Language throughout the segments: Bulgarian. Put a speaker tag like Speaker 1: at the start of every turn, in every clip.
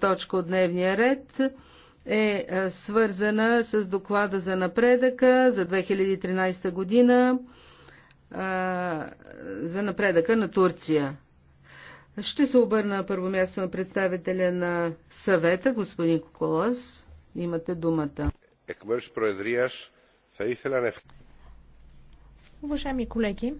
Speaker 1: точка от дневния ред е свързана с доклада за напредъка за 2013 година за напредъка на Турция. Ще се обърна първо място на представителя на съвета, господин Коколос. Имате думата. Уважаеми колеги,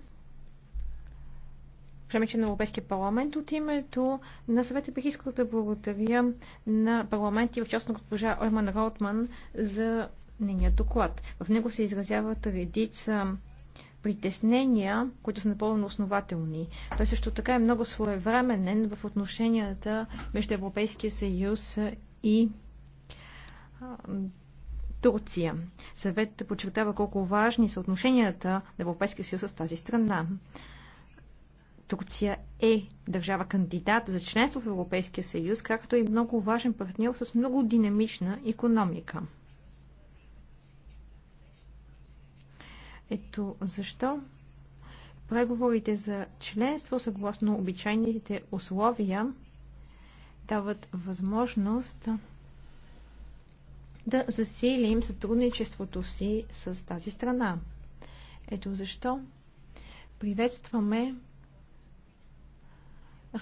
Speaker 2: Премича на Европейския парламент. От името на съвета бих искал да благодаря на парламент и в частност на госпожа Ойман Ротман за нейния доклад. В него се изразяват редица притеснения, които са напълно основателни. Той също така е много своевременен в отношенията между Европейския съюз и Турция. Съвет подчертава колко важни са отношенията на Европейския съюз с тази страна. Турция е държава кандидат за членство в Европейския съюз, както и много важен партньор с много динамична економика. Ето защо преговорите за членство съгласно обичайните условия дават възможност да засилим сътрудничеството си с тази страна. Ето защо приветстваме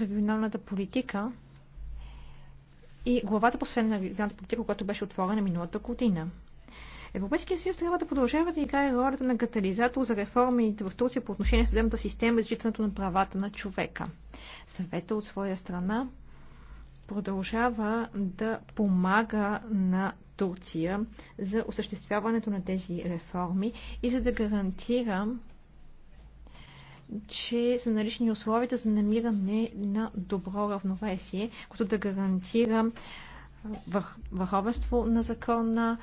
Speaker 2: регионалната политика и главата последна на регионалната политика, която беше отворена миналата година. Европейския съюз трябва да продължава да играе ролята на катализатор за реформите в Турция по отношение на съдебната система и защитането на правата на човека. Съвета от своя страна продължава да помага на Турция за осъществяването на тези реформи и за да гарантира че са налични условията за намиране на добро равновесие, което да гарантира върховенство на закона,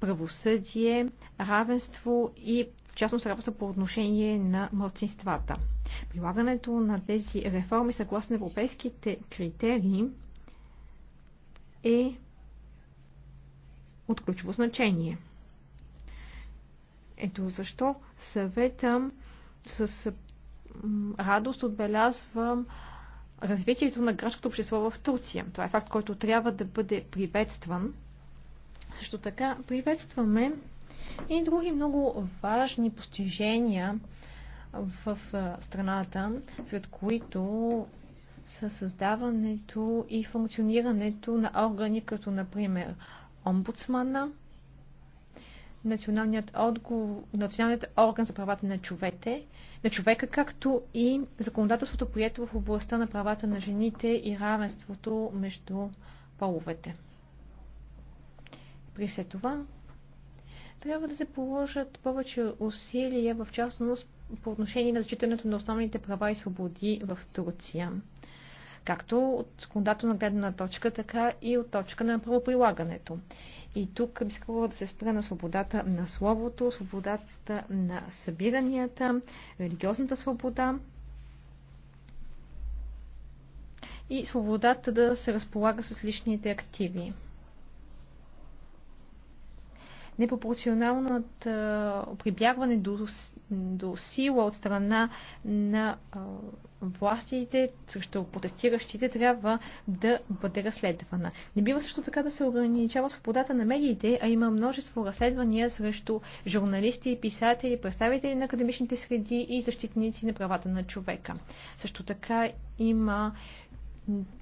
Speaker 2: правосъдие, равенство и в частност равенство по отношение на младсинствата. Прилагането на тези реформи съгласно европейските критерии е от ключово значение. Ето защо съветам с радост отбелязвам развитието на гражданското общество в Турция. Това е факт, който трябва да бъде приветстван. Също така приветстваме и други много важни постижения в страната, сред които са създаването и функционирането на органи, като например омбудсмана, националният, отговор, националният орган за правата на, човете, на човека, както и законодателството, прието в областта на правата на жените и равенството между половете. При все това, трябва да се положат повече усилия, в частност по отношение на зачитането на основните права и свободи в Турция както от законодателна гледна точка, така и от точка на правоприлагането. И тук би искала да се спра на свободата на словото, свободата на събиранията, религиозната свобода и свободата да се разполага с личните активи. Непропорционалното прибягване до, до сила от страна на а, властите срещу протестиращите трябва да бъде разследвана. Не бива също така да се ограничава свободата на медиите, а има множество разследвания срещу журналисти, писатели, представители на академичните среди и защитници на правата на човека. Също така има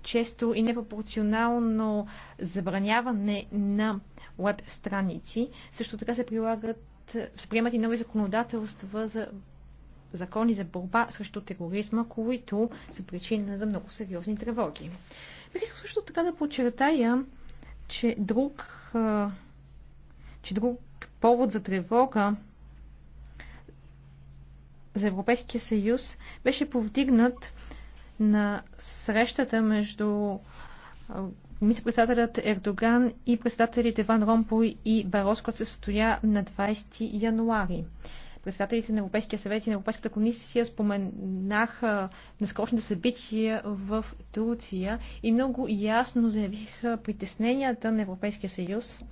Speaker 2: често и непропорционално забраняване на веб страници. Също така се прилагат, се приемат и нови законодателства за закони за борба срещу тероризма, които са причина за много сериозни тревоги. Бих искал също така да подчертая, че друг, че друг повод за тревога за Европейския съюз беше повдигнат на срещата между министр Ердоган и председателите Ван Ромпой и Бароско се състоя на 20 януари. Председателите на Европейския съвет и на Европейската комисия споменаха наскорошните събития в Турция и много ясно заявиха притесненията на Европейския съюз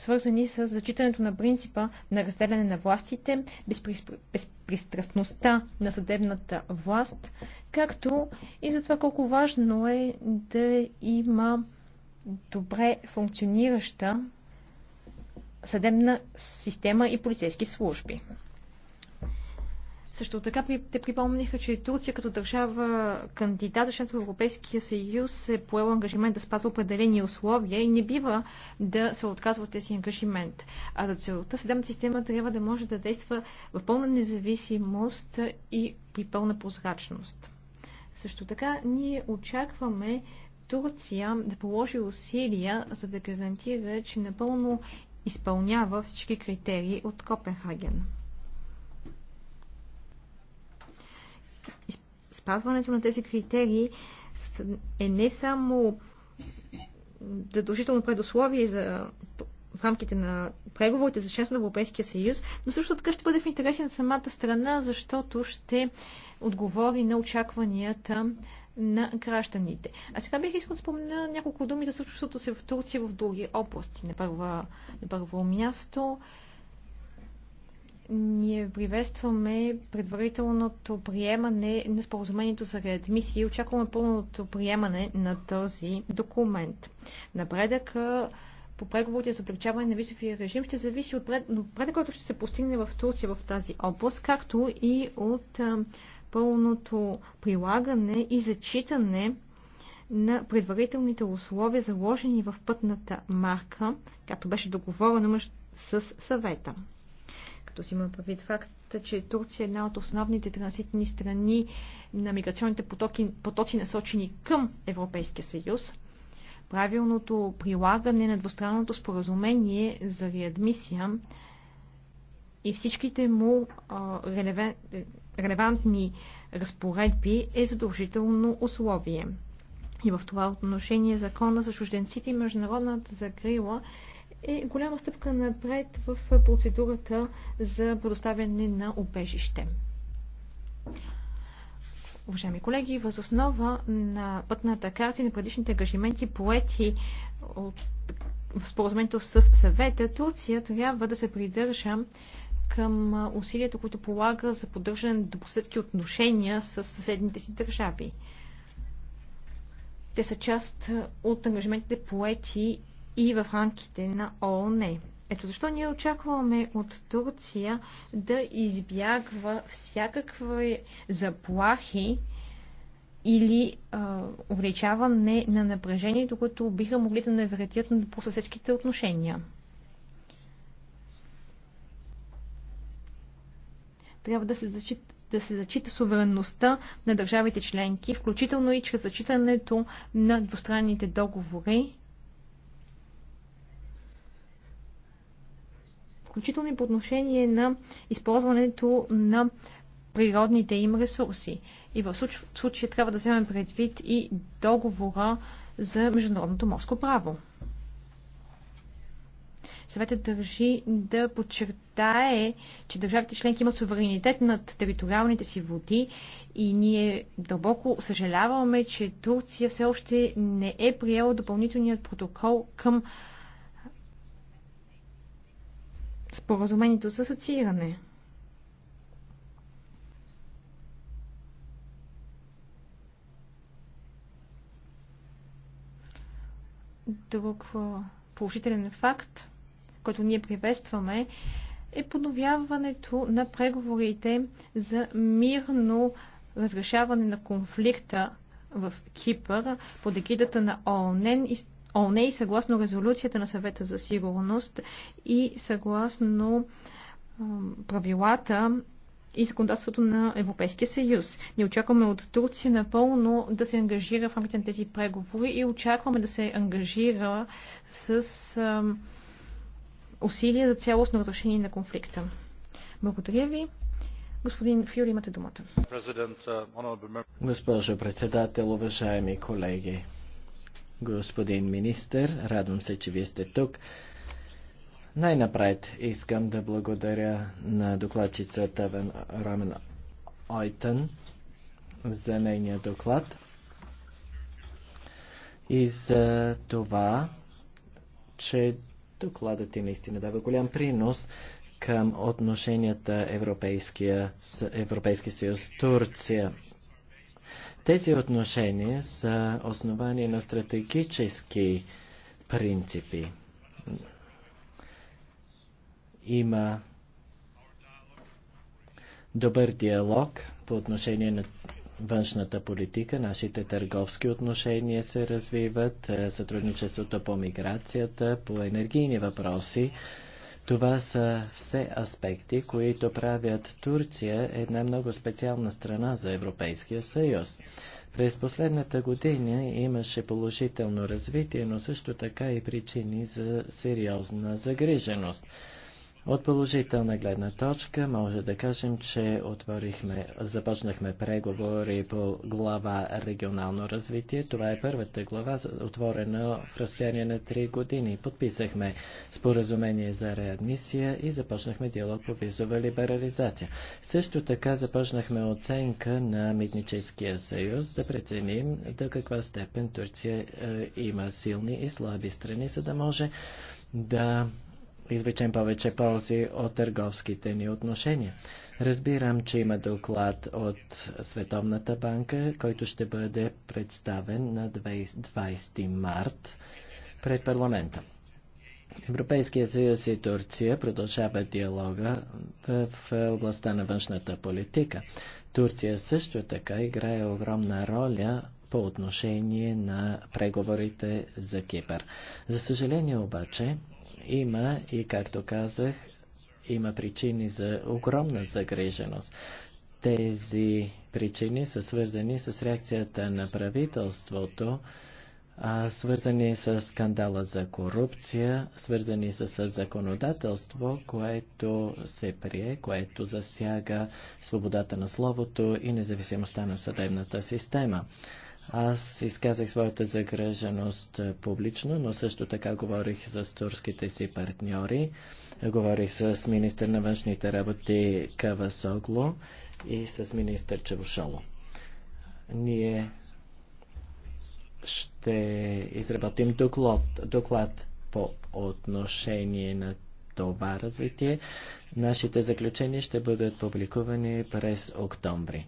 Speaker 2: свързани с зачитането на принципа на разделяне на властите, безпристрастността на съдебната власт, както и за това колко важно е да има добре функционираща съдебна система и полицейски служби. Също така те припомниха, че Турция като държава кандидат за членство в Европейския съюз е поел ангажимент да спазва определени условия и не бива да се отказва от тези ангажимент. А за целта съдебната система трябва да може да действа в пълна независимост и при пълна прозрачност. Също така ние очакваме Турция да положи усилия, за да гарантира, че напълно изпълнява всички критерии от Копенхаген. спазването на тези критерии е не само задължително предусловие за в рамките на преговорите за членство на Европейския съюз, но също така ще бъде в интерес на самата страна, защото ще отговори на очакванията на гражданите. А сега бих искал да спомена няколко думи за случващото се в Турция в други области. На първо, на първо място ние приветстваме предварителното приемане на споразумението за реадмисия и очакваме пълното приемане на този документ. Напредък по преговорите за облегчаване на висовия режим ще зависи от напредък, който ще се постигне в Турция в тази област, както и от пълното прилагане и зачитане на предварителните условия, заложени в пътната марка, както беше договорено с съвета като си има предвид факта, че Турция е една от основните транзитни страни на миграционните потоки, потоци насочени към Европейския съюз, правилното прилагане на двустранното споразумение за реадмисия и всичките му а, релевен, релевантни разпоредби е задължително условие. И в това отношение закона за чужденците и международната закрила е голяма стъпка напред в процедурата за предоставяне на обежище. Уважаеми колеги, въз основа на пътната карта и на предишните ангажименти поети от, в споразумението с съвета, Турция трябва да се придържа към усилията, които полага за поддържане на добросъдски отношения с съседните си държави. Те са част от ангажиментите поети и в рамките на ООН. Ето защо ние очакваме от Турция да избягва всякакви заплахи или а, увеличаване на напрежението, което биха могли да навредят на по-съседските отношения. Трябва да се зачита да се зачита суверенността на държавите членки, включително и чрез зачитането на двустранните договори включително и по отношение на използването на природните им ресурси. И в случая трябва да вземем предвид и договора за международното морско право. Съветът държи да подчертае, че държавите членки имат суверенитет над териториалните си води и ние дълбоко съжаляваме, че Турция все още не е приела допълнителният протокол към споразумението за асоцииране. Друг положителен факт, който ние приветстваме, е подновяването на преговорите за мирно разрешаване на конфликта в Кипър под егидата на ООН и ОНЕ и съгласно резолюцията на съвета за сигурност и съгласно правилата и законодателството на Европейския съюз. Не очакваме от Турция напълно да се ангажира в рамките на тези преговори и очакваме да се ангажира с усилия за цялостно разрешение на конфликта. Благодаря ви. Господин Фюр, имате думата.
Speaker 3: Uh,
Speaker 4: Госпожо председател, уважаеми колеги, господин министр. Радвам се, че вие сте тук. Най-напред искам да благодаря на докладчицата Вен Рамен Ойтън за нейния доклад и за това, че докладът ти наистина дава голям принос към отношенията Европейския, Европейски съюз Турция. Тези отношения са основани на стратегически принципи. Има добър диалог по отношение на външната политика, нашите търговски отношения се развиват, сътрудничеството по миграцията, по енергийни въпроси това са все аспекти, които правят Турция една много специална страна за Европейския съюз. През последната година имаше положително развитие, но също така и причини за сериозна загриженост. От положителна гледна точка може да кажем, че отворихме, започнахме преговори по глава регионално развитие. Това е първата глава, отворена в разстояние на три години. Подписахме споразумение за реадмисия и започнахме диалог по визова либерализация. Също така започнахме оценка на Митническия съюз да преценим до каква степен Турция е, има силни и слаби страни, за да може да извлечем повече ползи от търговските ни отношения. Разбирам, че има доклад от Световната банка, който ще бъде представен на 20 март пред парламента. Европейския съюз и Турция продължават диалога в областта на външната политика. Турция също така играе огромна роля по отношение на преговорите за Кипър. За съжаление обаче, има и, както казах, има причини за огромна загриженост. Тези причини са свързани с реакцията на правителството, свързани с скандала за корупция, свързани с законодателство, което се прие, което засяга свободата на словото и независимостта на съдебната система. Аз изказах своята загреженост е, публично, но също така говорих с турските си партньори, говорих с министър на външните работи Кава Согло и с министър Чевушоло. Ние ще изработим доклад, доклад по отношение на това развитие. Нашите заключения ще бъдат публикувани през октомври.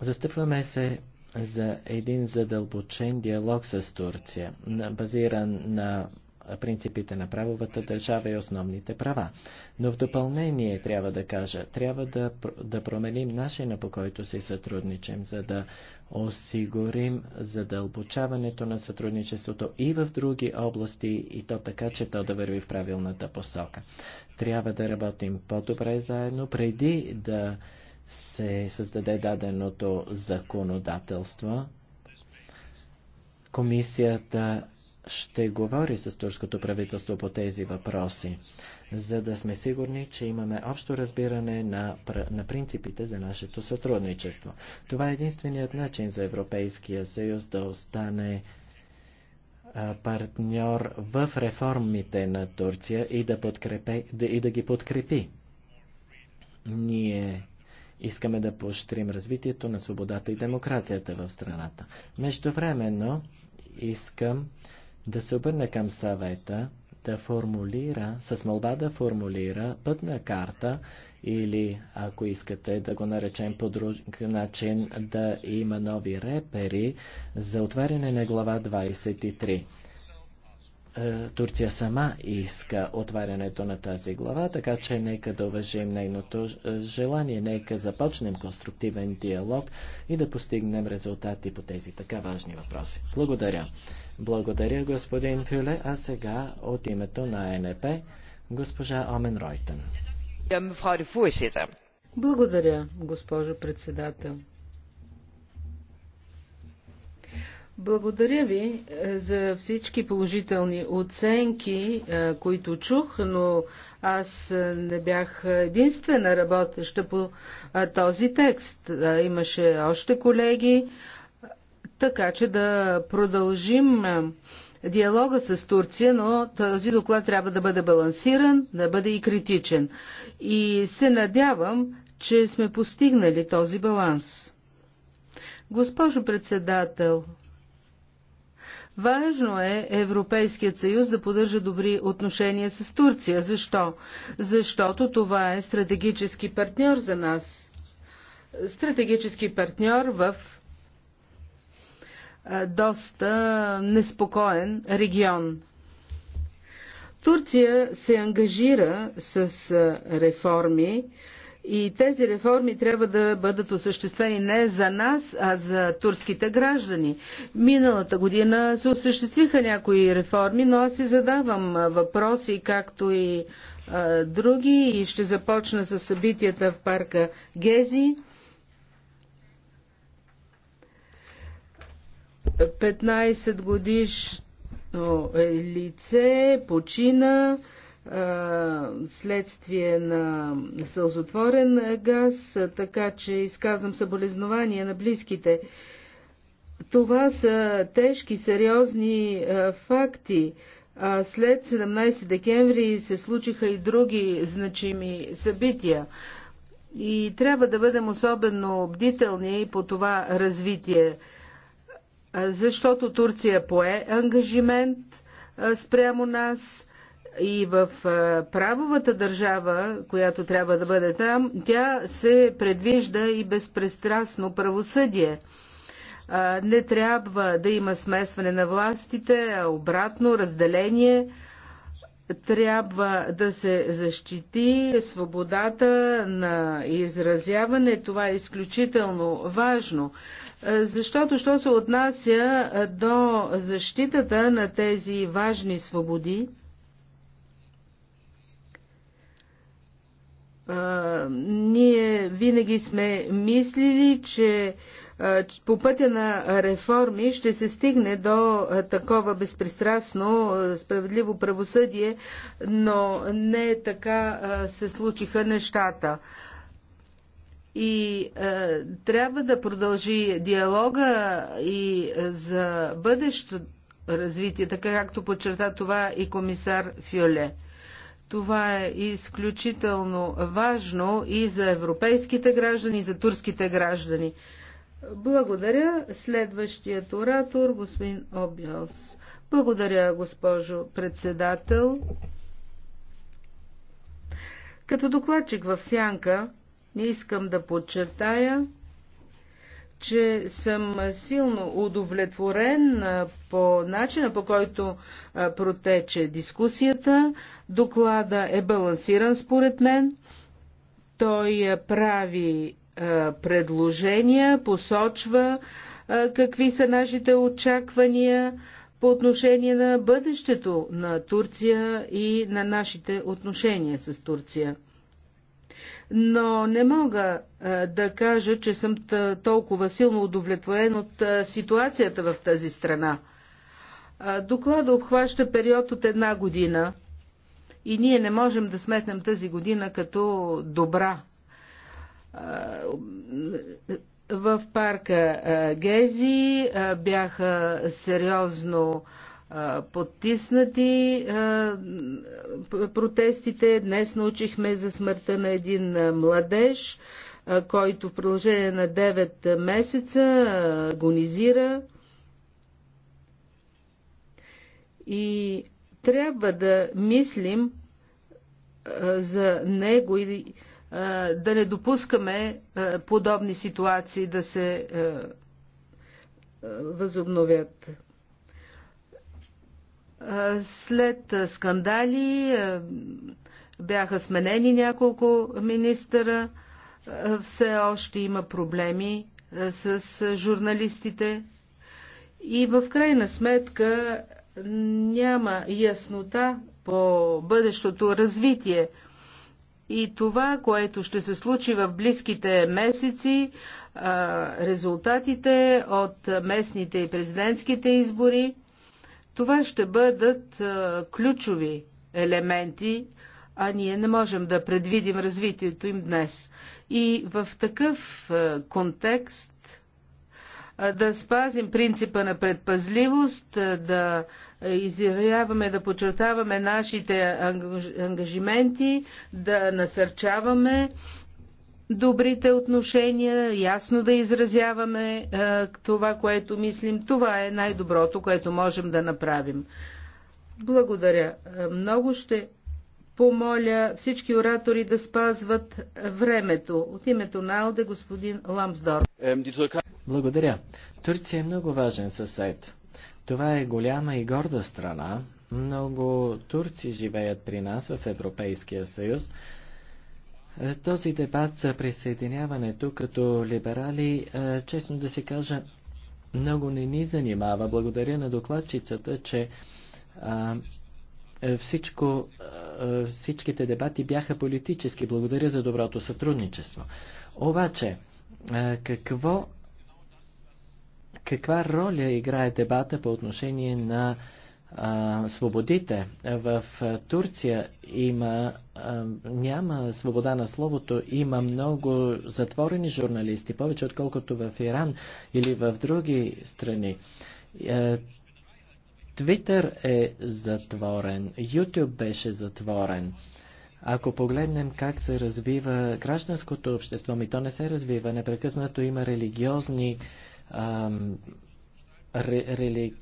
Speaker 4: Застъпваме се за един задълбочен диалог с Турция, базиран на принципите на правовата държава и основните права. Но в допълнение трябва да кажа, трябва да, да променим начина по който си сътрудничим, за да осигурим задълбочаването на сътрудничеството и в други области, и то така, че то да върви в правилната посока. Трябва да работим по-добре заедно, преди да се създаде даденото законодателство. Комисията ще говори с турското правителство по тези въпроси, за да сме сигурни, че имаме общо разбиране на, на принципите за нашето сътрудничество. Това е единственият начин за Европейския съюз да остане партньор в реформите на Турция и да, подкрепе, да, и да ги подкрепи. Ние Искаме да поощрим развитието на свободата и демокрацията в страната. Междувременно искам да се обърна към съвета да формулира, с молба да формулира пътна карта или, ако искате да го наречем по друг начин, да има нови репери за отваряне на глава 23. Е, Турция сама иска отварянето на тази глава, така че нека да уважим нейното е, желание, нека започнем конструктивен диалог и да постигнем резултати по тези така важни въпроси. Благодаря. Благодаря, господин Фюле, а сега от името на НП госпожа Омен Ройтен.
Speaker 1: Благодаря, госпожо председател. Благодаря ви е, за всички положителни оценки, е, които чух, но аз е, не бях единствена работеща по този текст. Имаше още колеги, така че да продължим диалога с Турция, но този доклад трябва да бъде балансиран, да бъде и критичен. И се надявам, че сме постигнали този баланс. Госпожо председател, Важно е Европейският съюз да поддържа добри отношения с Турция. Защо? Защото това е стратегически партньор за нас. Стратегически партньор в доста неспокоен регион. Турция се ангажира с реформи, и тези реформи трябва да бъдат осъществени не за нас, а за турските граждани. Миналата година се осъществиха някои реформи, но аз си задавам въпроси, както и а, други, и ще започна с събитията в парка Гези. 15 годиш лице почина следствие на сълзотворен газ, така че изказвам съболезнования на близките. Това са тежки, сериозни факти. След 17 декември се случиха и други значими събития. И трябва да бъдем особено бдителни по това развитие, защото Турция пое ангажимент спрямо нас – и в правовата държава, която трябва да бъде там, тя се предвижда и безпристрастно правосъдие. Не трябва да има смесване на властите, а обратно разделение. Трябва да се защити свободата на изразяване. Това е изключително важно. Защото, що се отнася до защитата на тези важни свободи, ние винаги сме мислили, че по пътя на реформи ще се стигне до такова безпристрастно, справедливо правосъдие, но не така се случиха нещата. И е, трябва да продължи диалога и за бъдещо развитие, така както подчерта това и комисар Фюле. Това е изключително важно и за европейските граждани, и за турските граждани. Благодаря. Следващият оратор, господин Обиос. Благодаря, госпожо председател. Като докладчик в Сянка, искам да подчертая, че съм силно удовлетворен по начина по който протече дискусията. Доклада е балансиран според мен. Той прави предложения, посочва какви са нашите очаквания по отношение на бъдещето на Турция и на нашите отношения с Турция но не мога да кажа, че съм толкова силно удовлетворен от ситуацията в тази страна. Доклада обхваща период от една година и ние не можем да сметнем тази година като добра. В парка Гези бяха сериозно потиснати протестите. Днес научихме за смъртта на един младеж, който в продължение на 9 месеца агонизира. И трябва да мислим за него и да не допускаме подобни ситуации да се възобновят. След скандали бяха сменени няколко министъра. Все още има проблеми с журналистите. И в крайна сметка няма яснота по бъдещото развитие. И това, което ще се случи в близките месеци, резултатите от местните и президентските избори, това ще бъдат ключови елементи, а ние не можем да предвидим развитието им днес. И в такъв контекст да спазим принципа на предпазливост, да изявяваме, да подчертаваме нашите ангажименти, да насърчаваме добрите отношения, ясно да изразяваме а, е, това, което мислим. Това е най-доброто, което можем да направим. Благодаря. Е, много ще помоля всички оратори да спазват времето. От името на Алде, господин Ламсдор.
Speaker 4: Благодаря. Турция е много важен съсед. Това е голяма и горда страна. Много турци живеят при нас в Европейския съюз. Е, този дебат за присъединяването като либерали, е, честно да се кажа, много не ни занимава. Благодаря на докладчицата, че а, е, всичко, а, всичките дебати бяха политически. Благодаря за доброто сътрудничество. Обаче, а, какво, каква роля играе дебата по отношение на а, а, свободите. В Турция има, а, няма свобода на словото, има много затворени журналисти, повече отколкото в Иран или в други страни. Твитър е затворен, Ютуб беше затворен. Ако погледнем как се развива гражданското общество, ми то не се развива, непрекъснато има религиозни ам, ре, рели,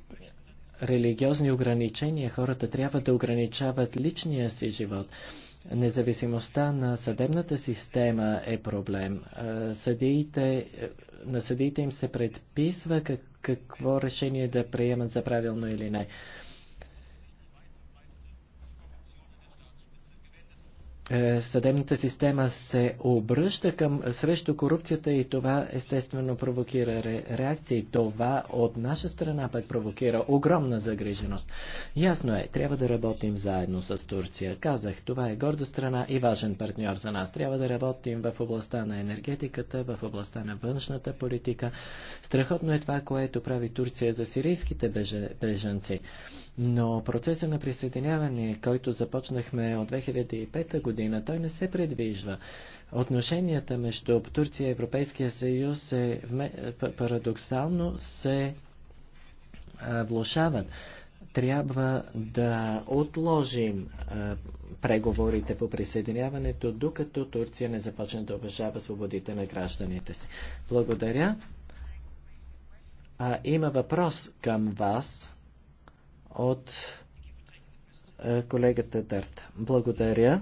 Speaker 4: религиозни ограничения хората трябва да ограничават личния си живот. Независимостта на съдебната система е проблем. Е, съдиите, е, на съдиите им се предписва как, какво решение да приемат за правилно или не. Е, съдебната система се обръща към, срещу корупцията и това естествено провокира ре, реакции. Това от наша страна пък провокира огромна загриженост. Ясно е, трябва да работим заедно с Турция. Казах, това е горда страна и важен партньор за нас. Трябва да работим в областта на енергетиката, в областта на външната политика. Страхотно е това, което прави Турция за сирийските беженци. Но процеса на присъединяване, който започнахме от 2005 година, той не се предвижда. Отношенията между Турция и Европейския съюз се, парадоксално се влушават трябва да отложим а, преговорите по присъединяването, докато Турция не започне да уважава свободите на гражданите си. Благодаря. А, има въпрос към вас от е, колегата Дърт. Благодаря.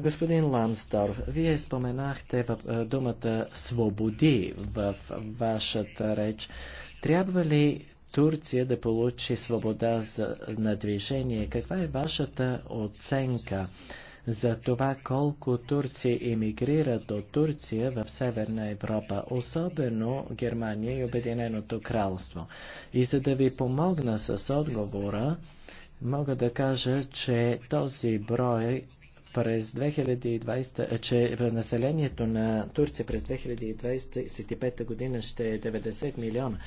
Speaker 4: Господин Лансдорф, вие споменахте в е, думата свободи в вашата реч. Трябва ли Турция да получи свобода за, на движение? Каква е вашата оценка? за това колко турци емигрират от Турция в Северна Европа, особено Германия и Обединеното кралство. И за да ви помогна с отговора, мога да кажа, че този брой през 2020, че населението на Турция през 2025 година ще е 90 милиона.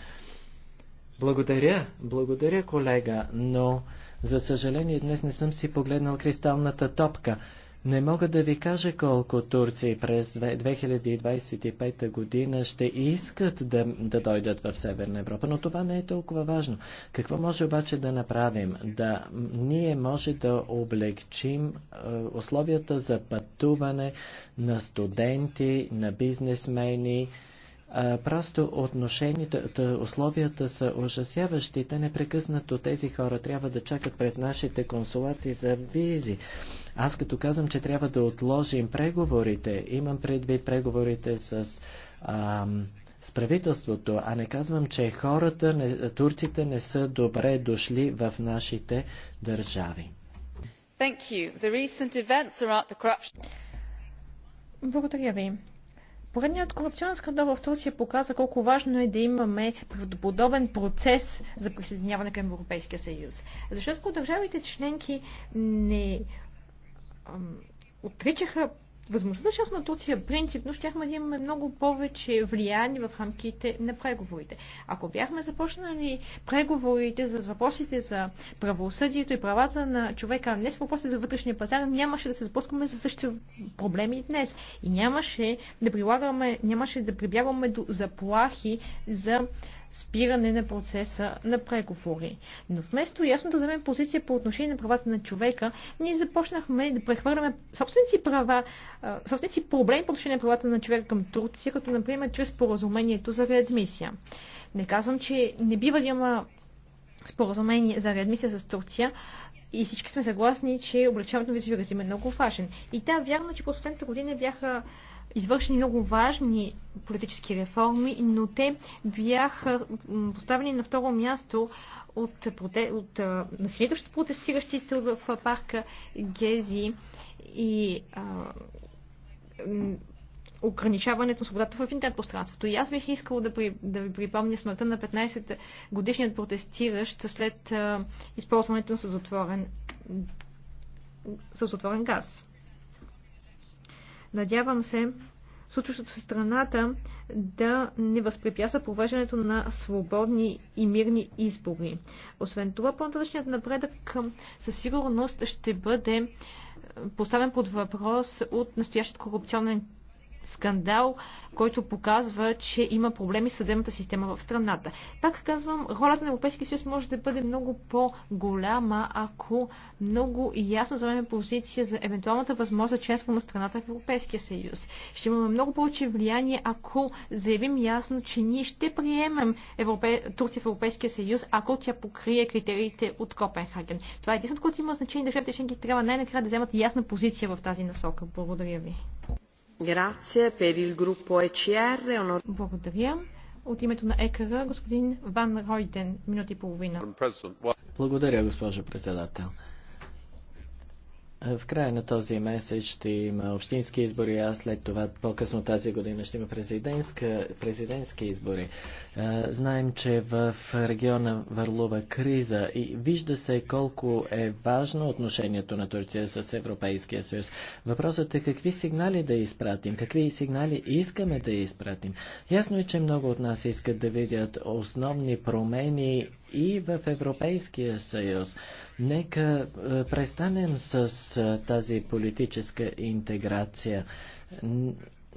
Speaker 4: Благодаря, благодаря колега, но за съжаление, днес не съм си погледнал кристалната топка. Не мога да ви кажа колко турци през 2025 година ще искат да, да дойдат в Северна Европа, но това не е толкова важно. Какво може обаче да направим? Да, ние може да облегчим е, условията за пътуване на студенти, на бизнесмени, Просто отношенията, условията са ужасяващи. Те непрекъснато тези хора трябва да чакат пред нашите консулати за визи. Аз като казвам, че трябва да отложим преговорите, имам предвид преговорите с, ам, с правителството, а не казвам, че хората, не, турците не са добре дошли в нашите държави.
Speaker 1: Thank you. The events the Благодаря
Speaker 2: ви. Поредният корупционен скандал в Турция показа колко важно е да имаме правдоподобен процес за присъединяване към Европейския съюз. Защото държавите членки не отричаха възможността шах на Турция е принципно щяхме да имаме много повече влияние в рамките на преговорите. Ако бяхме започнали преговорите за въпросите за правосъдието и правата на човека, не с въпросите за вътрешния пазар, нямаше да се сблъскваме за същите проблеми и днес. И нямаше да прилагаме, нямаше да прибягваме до заплахи за спиране на процеса на преговори. Но вместо ясно да вземем позиция по отношение на правата на човека, ние започнахме да прехвърляме собственици права, собственици проблеми по отношение на правата на човека към Турция, като например чрез споразумението за реадмисия. Не казвам, че не бива да има споразумение за реадмисия с Турция, и всички сме съгласни, че облегчаването на визови режим е много важен. И да, вярно, че последната година бяха извършени много важни политически реформи, но те бяха поставени на второ място от, проте... от ще протестиращите в парка Гези и а, ограничаването на свободата в интернет пространството. И аз бих искала да, при, да ви припомня смъртта на 15 годишният протестиращ след а, използването на съзотворен, съзотворен газ. Надявам се, случващото се страната да не възпрепятства провеждането на свободни и мирни избори. Освен това, по-нататъчният напредък със сигурност ще бъде поставен под въпрос от настоящият корупционен скандал, който показва, че има проблеми с съдебната система в страната. Пак казвам, ролята на Европейския съюз може да бъде много по-голяма, ако много ясно вземем позиция за евентуалната възможност за членство на страната в Европейския съюз. Ще имаме много повече влияние, ако заявим ясно, че ние ще приемем Европе... Турция в Европейския съюз, ако тя покрие критериите от Копенхаген. Това е единственото, което има значение. Държавите членки трябва най-накрая да вземат ясна позиция в тази насока. Благодаря ви.
Speaker 5: E Благодаря. От името на
Speaker 2: ЕКР, господин Ван Ройден, минути и половина.
Speaker 4: Благодаря, госпожо председател. В края на този месец ще има общински избори, а след това по-късно тази година ще има президентски избори. Знаем, че в региона върлува криза и вижда се колко е важно отношението на Турция с Европейския съюз. Въпросът е какви сигнали да изпратим, какви сигнали искаме да изпратим. Ясно е, че много от нас искат да видят основни промени и в Европейския съюз. Нека е, престанем с е, тази политическа интеграция.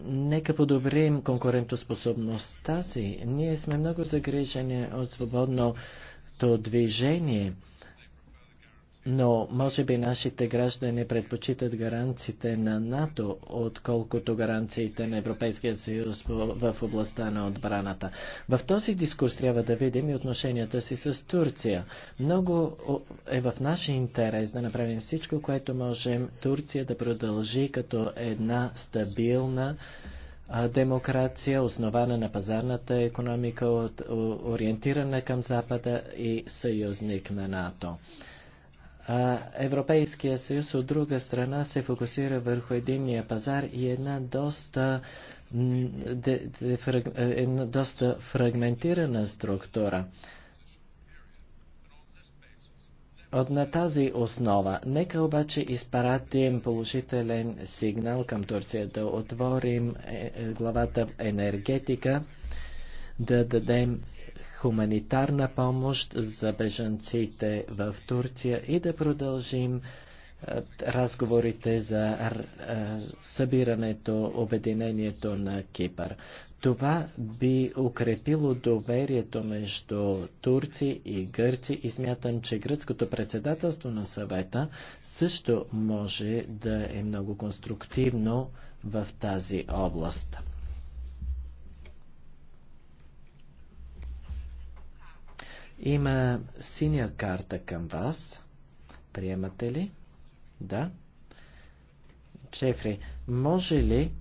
Speaker 4: Нека подобрим конкурентоспособността си. Ние сме много загрижени от свободното движение. Но може би нашите граждани предпочитат гаранциите на НАТО, отколкото гаранциите на Европейския съюз в областта на отбраната. В този дискурс трябва да видим и отношенията си с Турция. Много е в наш интерес да направим всичко, което можем Турция да продължи като една стабилна демокрация, основана на пазарната економика, ориентирана към Запада и съюзник на НАТО. А Европейския съюз от друга страна се фокусира върху единния пазар и една доста, де, де, фраг, е, една доста фрагментирана структура. От на тази основа, нека обаче изпаратим положителен сигнал към Турция, да отворим е, е, главата в енергетика, да дадем хуманитарна помощ за бежанците в Турция и да продължим е, разговорите за е, събирането, обединението на Кипър. Това би укрепило доверието между турци и гърци и смятам, че гръцкото председателство на съвета също може да е много конструктивно в тази област. Има синя карта към вас. Приемате ли? Да. Чефри, може ли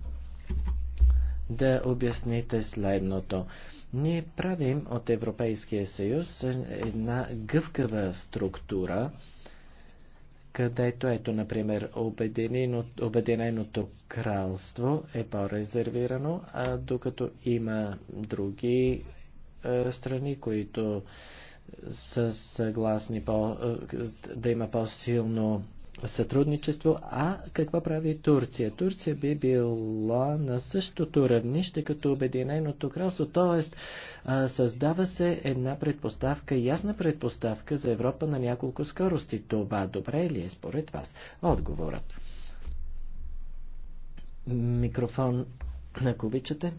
Speaker 4: да обясните следното? Ние правим от Европейския съюз една гъвкава структура, където, ето, например, Обединеното, Обединеното кралство е по-резервирано, а докато има други е, страни, които са съгласни по, е, да има по-силно сътрудничество. А какво прави Турция? Турция би била на същото равнище като Обединеното кралство, т.е. създава се една предпоставка, ясна предпоставка за Европа на няколко скорости. Това добре ли е според вас? Отговорът. Микрофон на обичате.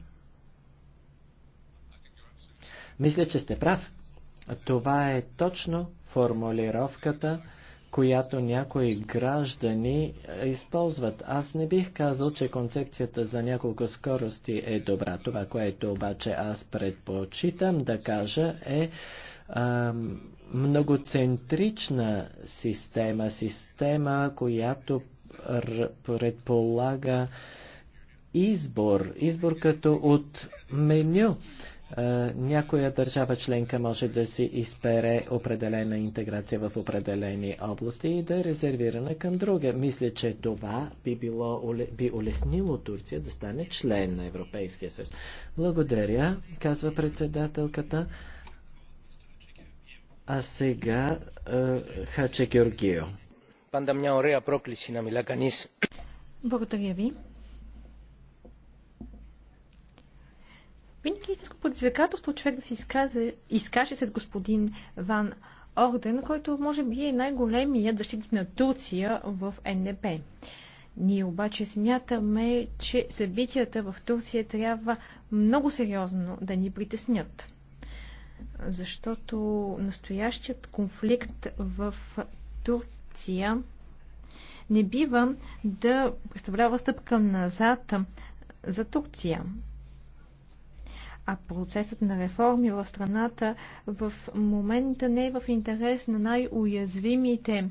Speaker 4: Мисля, че сте прав. Това е точно формулировката, която някои граждани е, използват. Аз не бих казал, че концепцията за няколко скорости е добра. Това, което обаче аз предпочитам да кажа е а, многоцентрична система, система, която предполага избор, избор като от меню. Е, някоя държава членка може да си изпере определена интеграция в определени области и да е резервирана към друга. Мисля, че това би, било, би улеснило Турция да стане член на Европейския съюз. Благодаря, казва председателката. А сега е, Хаче Георгио.
Speaker 2: Благодаря ви. Винаги е истинско предизвикателство човек да се изказа, изкаже след господин Ван Орден, който може би е най-големият защитник на Турция в НДП. Ние обаче смятаме, че събитията в Турция трябва много сериозно да ни притеснят. Защото настоящият конфликт в Турция не бива да представлява стъпка назад за Турция. А процесът на реформи в страната в момента не е в интерес на най-уязвимите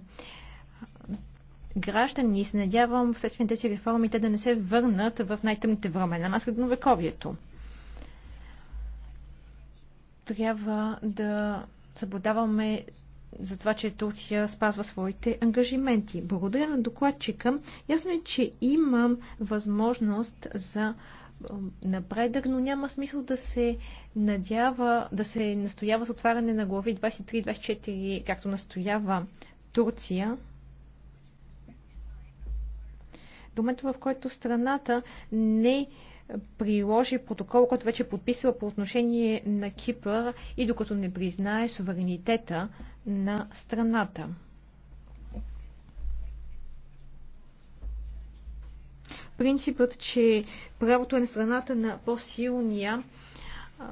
Speaker 2: граждани и се надявам вследствие на тези реформи те да не се върнат в най-тъмните времена на средновековието. Трябва да съблюдаваме за това, че Турция спазва своите ангажименти. Благодаря на докладчика. Ясно е, че имам възможност за напредък, но няма смисъл да се надява, да се настоява с отваряне на глави 23-24, както настоява Турция. До момента, в който страната не приложи протокол, който вече е подписва по отношение на Кипър и докато не признае суверенитета на страната. принципът, че правото е на страната на по-силния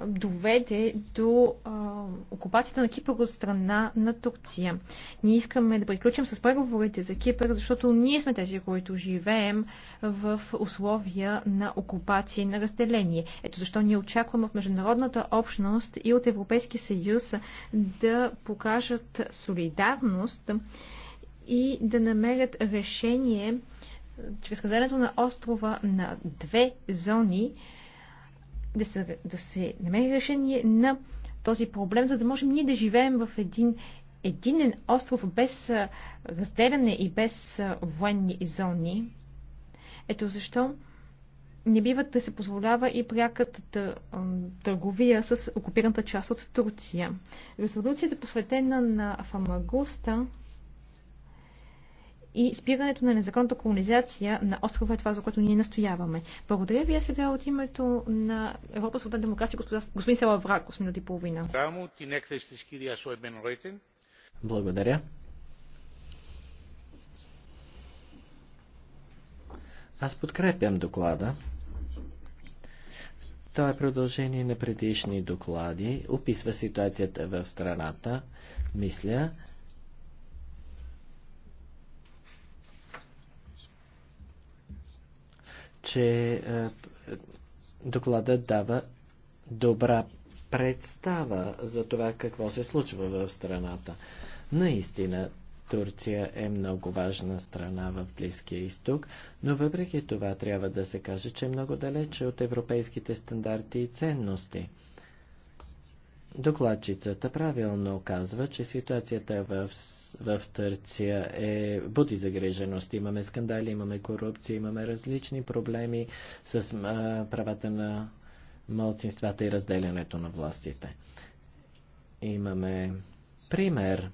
Speaker 2: доведе до а, окупацията на Кипър от страна на Турция. Ние искаме да приключим с преговорите за Кипър, защото ние сме тези, които живеем в условия на окупация и на разделение. Ето защо ние очакваме в международната общност и от Европейския съюз да покажат солидарност и да намерят решение чрез разделянето на острова на две зони да се, да се намери решение на този проблем, за да можем ние да живеем в един единен остров без разделяне и без военни зони. Ето защо не бива да се позволява и пряката търговия с окупираната част от Турция. Резолюцията, посветена на Фамагуста, и спирането на незаконната колонизация на острова е това, за което ние настояваме. Благодаря ви сега от името на Европа Свобода демокрация, господин Села Враг, с минути и половина.
Speaker 4: Благодаря. Аз подкрепям доклада. Той е продължение на предишни доклади, описва ситуацията в страната. Мисля, че е, докладът дава добра представа за това какво се случва в страната. Наистина, Турция е много важна страна в Близкия изток, но въпреки това трябва да се каже, че е много далече от европейските стандарти и ценности. Докладчицата правилно казва, че ситуацията в, в Търция е буди загреженост. Имаме скандали, имаме корупция, имаме различни проблеми с а, правата на малцинствата и разделянето на властите. Имаме пример,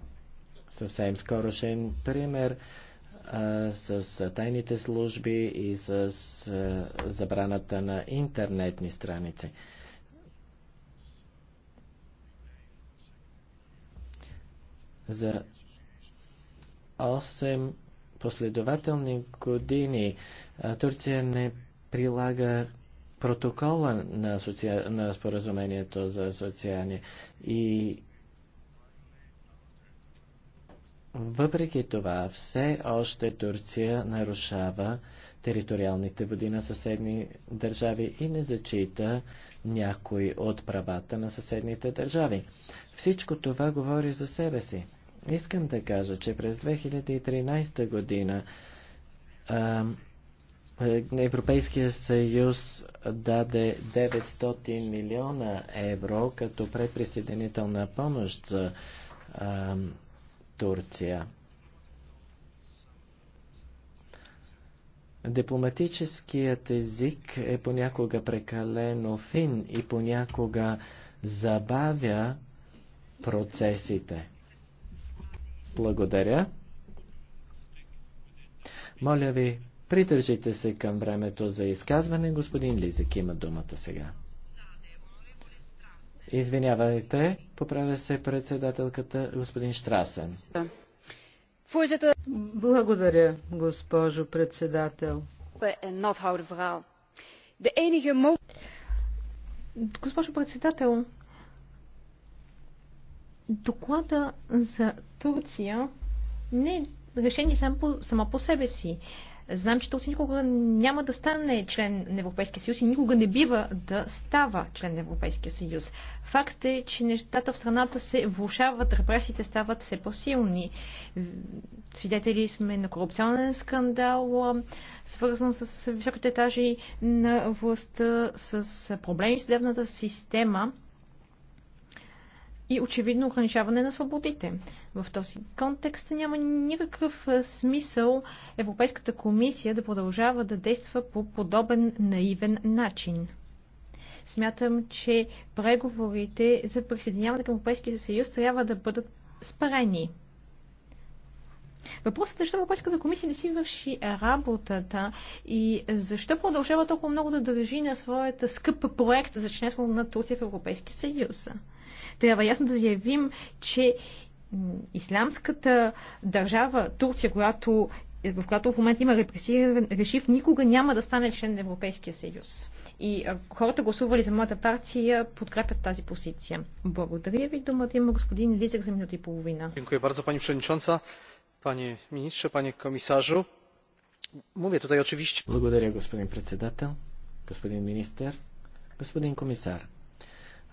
Speaker 4: съвсем скорошен пример а, с тайните служби и с а, забраната на интернетни страници. за 8 последователни години Турция не прилага протокола на, асоция... на споразумението за асоцииране и въпреки това все още Турция нарушава териториалните води на съседни държави и не зачита някои от правата на съседните държави. Всичко това говори за себе си. Искам да кажа, че през 2013 година а, е, Европейския съюз даде 900 милиона евро като предприсъединителна помощ за а, Турция. Дипломатическият език е понякога прекалено фин и понякога забавя процесите. Благодаря. Моля ви, придържайте се към времето за изказване. Господин Лизък има думата сега. Извинявайте, поправя се председателката господин Штрасен.
Speaker 1: Благодаря, госпожо председател.
Speaker 2: Е, е госпожо председател, Доклада за Турция не е решение само по, само по себе си. Знам, че Турция никога няма да стане член на Европейския съюз и никога не бива да става член на Европейския съюз. Факт е, че нещата в страната се влушават, репресиите стават все по-силни. Свидетели сме на корупционен скандал, свързан с високите етажи на властта, с проблеми в съдебната система – и очевидно ограничаване на свободите. В този контекст няма никакъв смисъл Европейската комисия да продължава да действа по подобен наивен начин. Смятам, че преговорите за присъединяване към Европейския съюз трябва да бъдат спарени. Въпросът е защо Европейската комисия не си върши работата и защо продължава толкова много да държи на своята скъпа проект за членство на Турция в Европейския съюз. Трябва ясно да заявим, че ислямската държава Турция, която в която в момента има репресиран решив, никога няма да стане член на Европейския съюз. И хората гласували за моята партия подкрепят тази позиция. Благодаря ви. Думата има господин Лизък за минута и половина. Dziękuję
Speaker 4: bardzo pani przewodnicząca, panie ministrze, panie komisarzu. Mówię tutaj oczywiście. Благодаря господин председател, господин министър, господин комисар.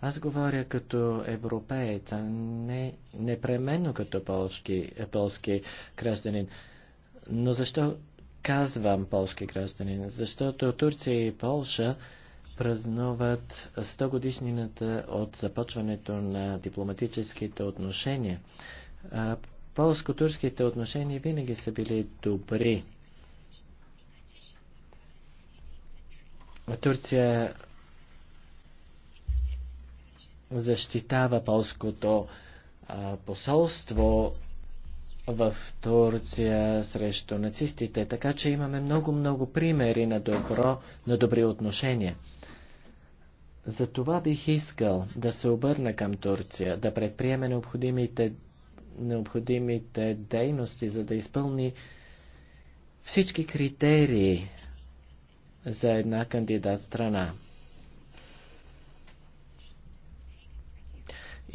Speaker 4: Аз говоря като европеец, а не непременно като полски, полски гражданин. Но защо казвам полски гражданин? Защото Турция и Полша празнуват 100 годишнината от започването на дипломатическите отношения. Полско-турските отношения винаги са били добри. Турция защитава полското а, посолство в Турция срещу нацистите, така че имаме много-много примери на, добро, на добри отношения. За това бих искал да се обърна към Турция, да предприеме необходимите, необходимите дейности, за да изпълни всички критерии за една кандидат страна.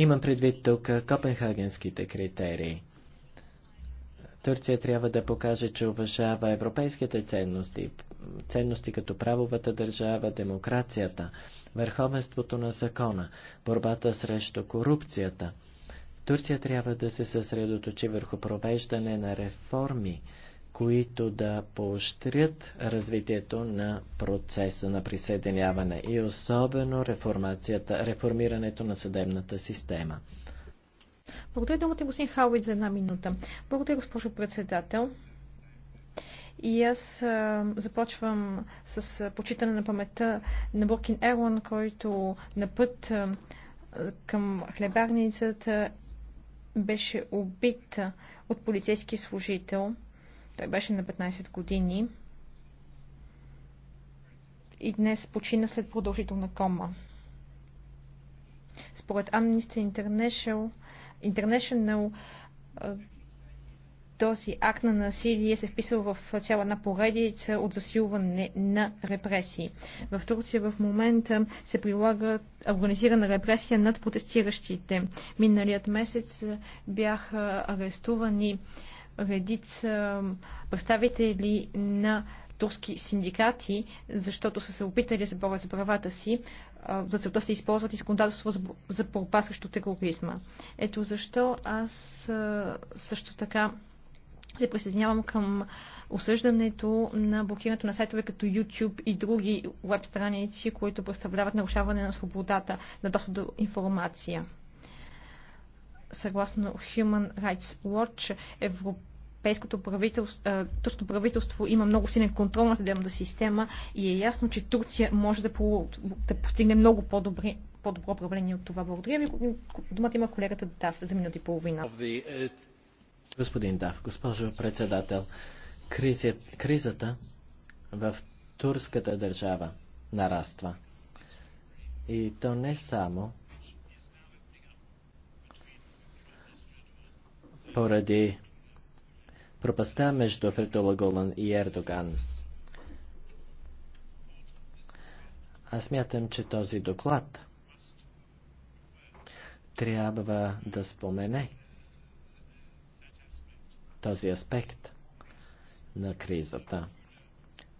Speaker 4: Имам предвид тук копенхагенските критерии. Турция трябва да покаже, че уважава европейските ценности, ценности като правовата държава, демокрацията, върховенството на закона, борбата срещу корупцията. Турция трябва да се съсредоточи върху провеждане на реформи, които да поощрят развитието на процеса на присъединяване и особено реформацията, реформирането на съдебната система.
Speaker 2: Благодаря думата, е господин Хауит, за една минута. Благодаря, госпожо председател. И аз а, започвам с а, почитане на паметта на Буркин Ерлан, който на път а, към хлебарницата беше убит от полицейски служител. Той беше на 15 години и днес почина след продължителна кома. Според Amnesty International, International този акт на насилие се е вписал в цяла една поредица от засилване на репресии. В Турция в момента се прилага организирана репресия над протестиращите. Миналият месец бяха арестувани редица представители на турски синдикати, защото са се опитали да се борят за правата си. За целта се използват и законодателство за борба срещу тероризма. Ето защо аз също така се присъединявам към осъждането на блокирането на сайтове като YouTube и други веб страници, които представляват нарушаване на свободата на достъп до информация. Съгласно Human Rights Watch, Европа европейското правителство, турското правителство има много силен контрол на съдебната система и е ясно, че Турция може да, по, да постигне много по-добри по-добро управление от това. Благодаря ви. Думата има колегата Дав за минути и половина.
Speaker 4: Е, Господин Дав, госпожо председател, кризата в турската държава нараства. И то не само поради пропаста между Фетула Голан и Ердоган. Аз мятам, че този доклад трябва да спомене този аспект на кризата.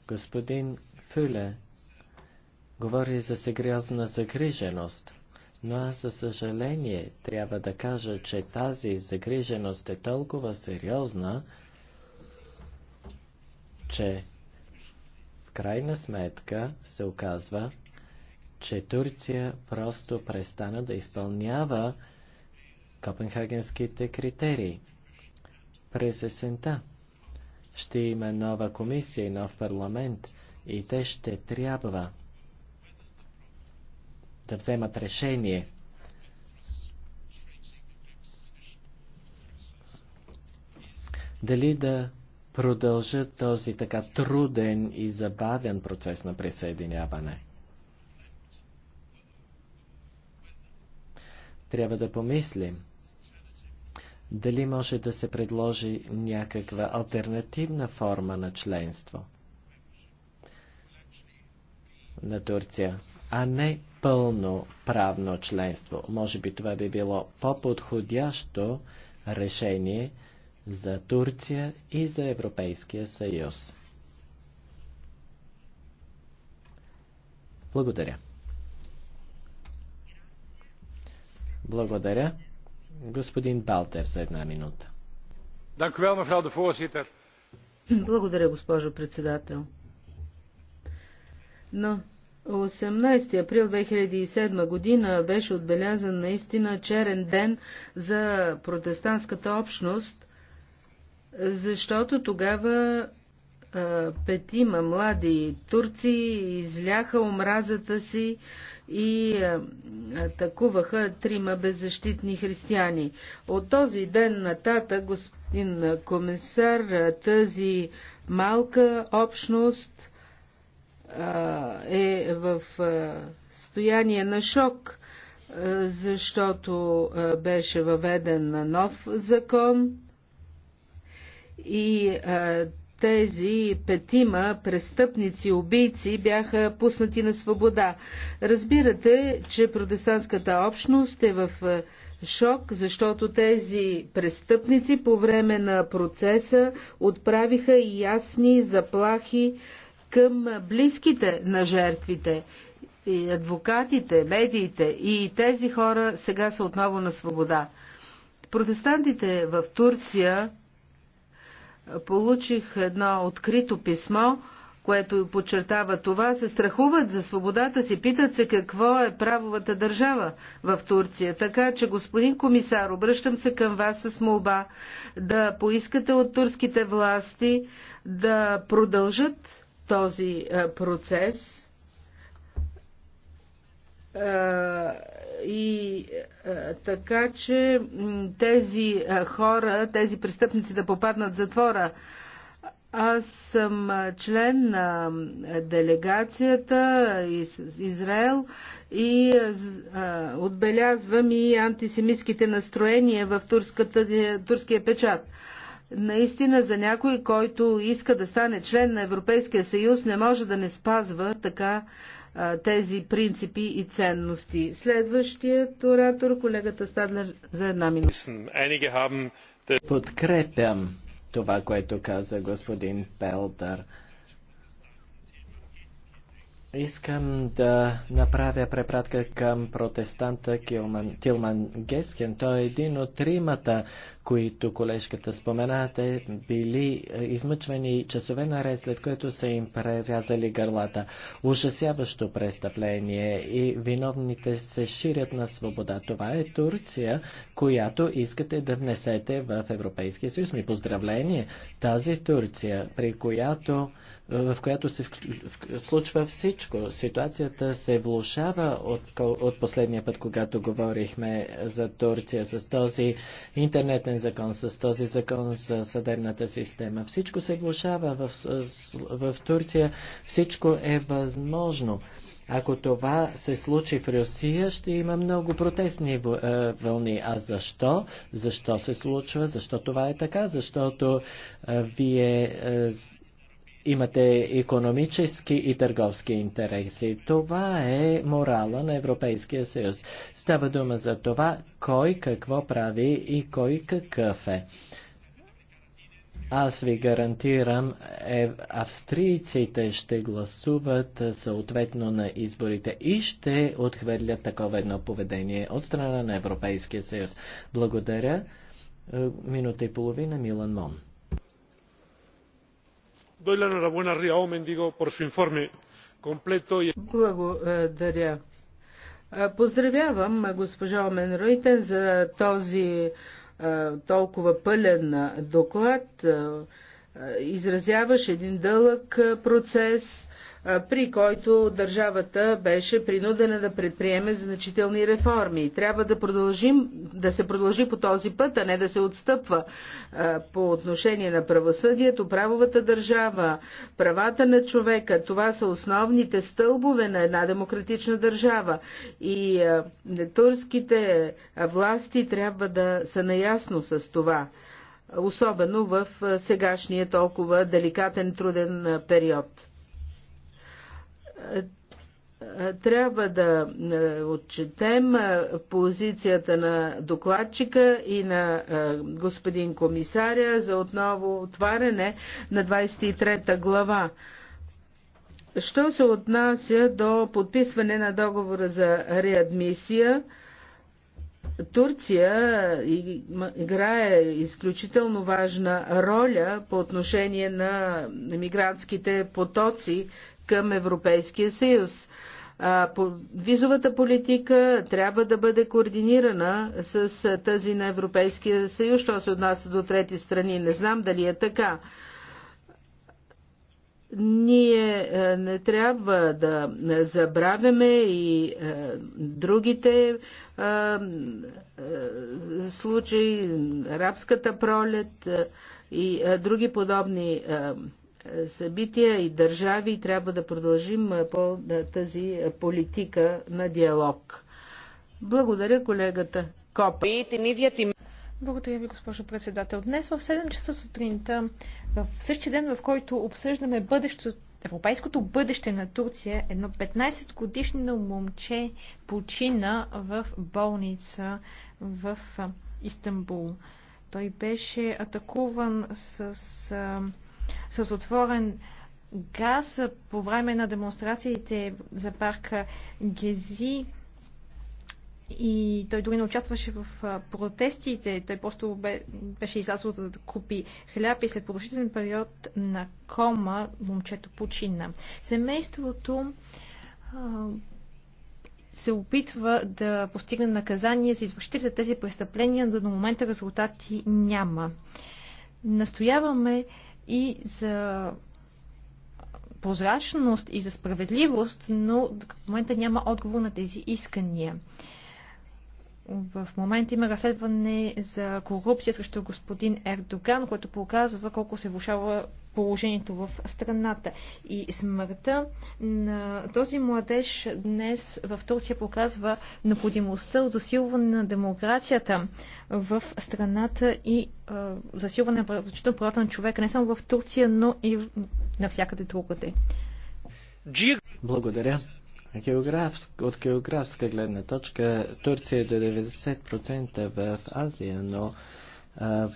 Speaker 4: Господин Фюле говори за сериозна загриженост, но аз за съжаление трябва да кажа, че тази загриженост е толкова сериозна, че в крайна сметка се оказва, че Турция просто престана да изпълнява копенхагенските критерии. През есента ще има нова комисия и нов парламент и те ще трябва да вземат решение. Дали да продължат този така труден и забавен процес на присъединяване. Трябва да помислим дали може да се предложи някаква альтернативна форма на членство на Турция, а не пълно правно членство. Може би това би било по-подходящо решение, за Турция и за Европейския съюз. Благодаря. Благодаря. Господин Балтер за една минута.
Speaker 1: Благодаря, госпожо председател. Но 18 април 2007 година беше отбелязан наистина черен ден за протестантската общност, защото тогава петима млади турци изляха омразата си и атакуваха трима беззащитни християни. От този ден нататък, господин комисар, тази малка общност е в стояние на шок, защото беше въведен нов закон, и тези петима престъпници, убийци бяха пуснати на свобода. Разбирате, че протестантската общност е в шок, защото тези престъпници по време на процеса отправиха ясни заплахи към близките на жертвите. И адвокатите, медиите и тези хора сега са отново на свобода. Протестантите в Турция Получих едно открито писмо, което подчертава това, се страхуват за свободата си, питат се какво е правовата държава в Турция. Така че, господин комисар, обръщам се към вас с молба да поискате от турските власти да продължат този е, процес е, и е, така, че тези е, хора, тези престъпници да попаднат в затвора. Аз съм е, член на делегацията из Израел и отбелязвам и антисемитските настроения в турската, турския печат. Наистина за някой, който иска да стане член на Европейския съюз, не може да не спазва така тези принципи и ценности. Следващият оратор, колегата Стадлер, за една минута.
Speaker 4: Подкрепям това, което каза господин Пелдър. Искам да направя препратка към протестанта Тилман Гескен. Той е един от тримата които колежката споменате, били е, измъчвани часове наред, след което са им прерязали гърлата. Ужасяващо престъпление и виновните се ширят на свобода. Това е Турция, която искате да внесете в Европейския съюз. Ми поздравление! Тази Турция, при която, е, в която се случва всичко. Ситуацията се влушава от, от последния път, когато говорихме за Турция с този интернетен закон, с този закон за съдебната система. Всичко се глушава в, в Турция, всичко е възможно. Ако това се случи в Русия, ще има много протестни е, вълни. А защо? Защо се случва? Защо това е така? Защото е, вие е, имате економически и търговски интереси. Това е морала на Европейския съюз. Става дума за това кой какво прави и кой какъв е. Аз ви гарантирам, е, австрийците ще гласуват съответно на изборите и ще отхвърлят такова едно поведение от страна на Европейския съюз. Благодаря. Е, минута и половина Милан Мон
Speaker 3: doy la enhorabuena a ria oomen por su informe completo и.
Speaker 1: Благодаря. Поздравявам госпожа Омен Ройтен за този толкова пълен доклад. Изразяваш един дълъг процес при който държавата беше принудена да предприеме значителни реформи. Трябва да, продължим, да се продължи по този път, а не да се отстъпва по отношение на правосъдието, правовата държава, правата на човека. Това са основните стълбове на една демократична държава. И турските власти трябва да са наясно с това особено в сегашния толкова деликатен труден период. Трябва да е, отчетем е, позицията на докладчика и на е, господин комисаря за отново отваряне на 23-та глава. Що се отнася до подписване на договора за реадмисия, Турция играе изключително важна роля по отношение на мигрантските потоци към Европейския съюз. Визовата политика трябва да бъде координирана с тази на Европейския съюз, що се отнася до трети страни. Не знам дали е така. Ние не трябва да забравяме и другите случаи, арабската пролет и други подобни събития и държави и трябва да продължим по тази политика на диалог. Благодаря колегата Копа. Благодаря ви, госпожо председател. Днес в 7 часа сутринта,
Speaker 2: в същия ден, в който обсъждаме бъдещето, европейското бъдеще на Турция, едно 15-годишно момче почина в болница в Истанбул. Той беше атакуван с с отворен газ по време на демонстрациите за парка Гези и той дори не участваше в протестите, той просто бе, беше излязъл да купи хляб и след продължителен период на кома момчето почина. Семейството а, се опитва да постигне наказание за извършителите тези престъпления, но до момента резултати няма. Настояваме и за прозрачност и за справедливост, но в момента няма отговор на тези искания. В момента има разследване за корупция срещу господин Ердоган, което показва колко се влушава положението в страната. И смъртта на този младеж днес в Турция показва необходимостта от засилване на демокрацията в страната и а, е, засилване на правата на човека не само в Турция, но и навсякъде другаде.
Speaker 4: Благодаря. Географск, от географска гледна точка Турция е до 90% в Азия, но а, е,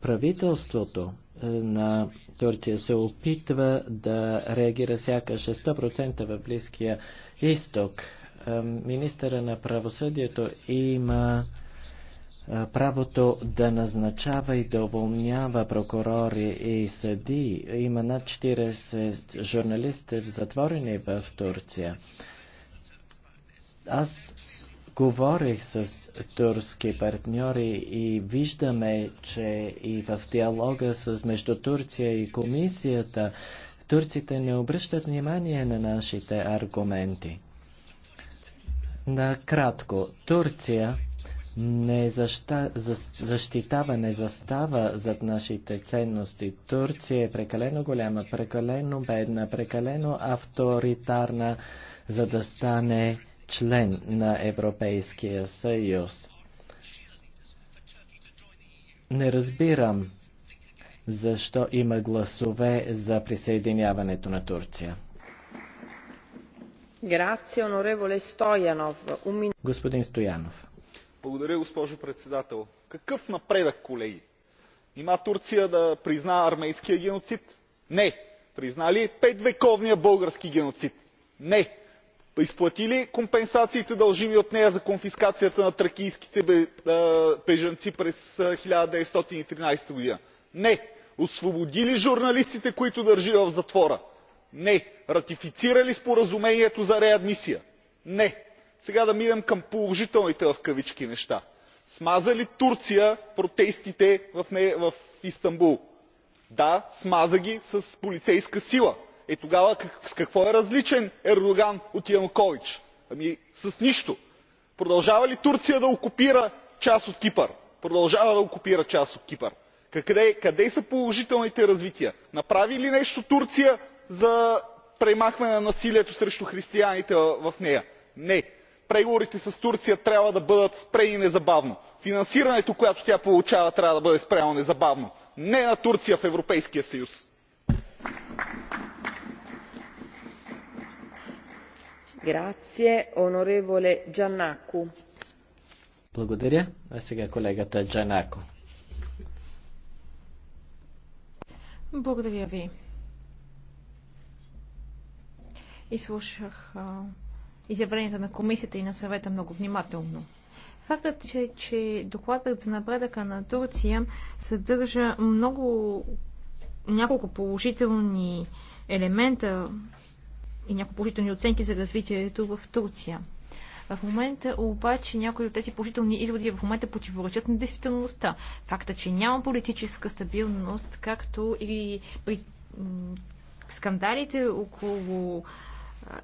Speaker 4: правителството е, на Турция се опитва да реагира сякаш 100% е в Близкия изток. Е, министъра на правосъдието има правото да назначава и да уволнява прокурори и съди. Има над 40 журналисти в затворени в Турция. Аз Говорих с турски партньори и виждаме, че и в диалога с между Турция и комисията турците не обръщат внимание на нашите аргументи. Накратко, Турция не защитава, не застава зад нашите ценности. Турция е прекалено голяма, прекалено бедна, прекалено авторитарна, за да стане член на Европейския съюз. Не разбирам защо има гласове за присъединяването на Турция. Господин Стоянов.
Speaker 6: Благодаря, госпожо председател. Какъв напредък, колеги? Нима Турция да призна армейския геноцид? Не. Признали ли петвековния български геноцид? Не изплати ли компенсациите дължими от нея за конфискацията на тракийските бежанци през 1913 г.? Не. Освободи ли журналистите, които държи в затвора? Не. Ратифицира ли споразумението за реадмисия? Не. Сега да минем към положителните в кавички неща. Смаза ли Турция протестите в Истанбул? Да, смаза ги с полицейска сила е тогава с какво е различен ердоган от янукович? ами с нищо! продължава ли турция да окупира част от кипър? продължава да окупира част от кипър. къде са положителните развития? направи ли нещо турция за премахване на насилието срещу християните в нея? не! преговорите с турция трябва да бъдат спрени незабавно. финансирането което тя получава трябва да бъде спряно незабавно. не на турция в европейския съюз!
Speaker 4: Благодаря. А сега колегата Джанако.
Speaker 2: Благодаря ви. Изслушах изявленията на комисията и на съвета много внимателно. Фактът е, че докладът за напредъка на Турция съдържа много няколко положителни елемента, и някои положителни оценки за развитието в Турция. В момента обаче някои от тези положителни изводи в момента противоречат на действителността. Факта, че няма политическа стабилност, както и при скандалите около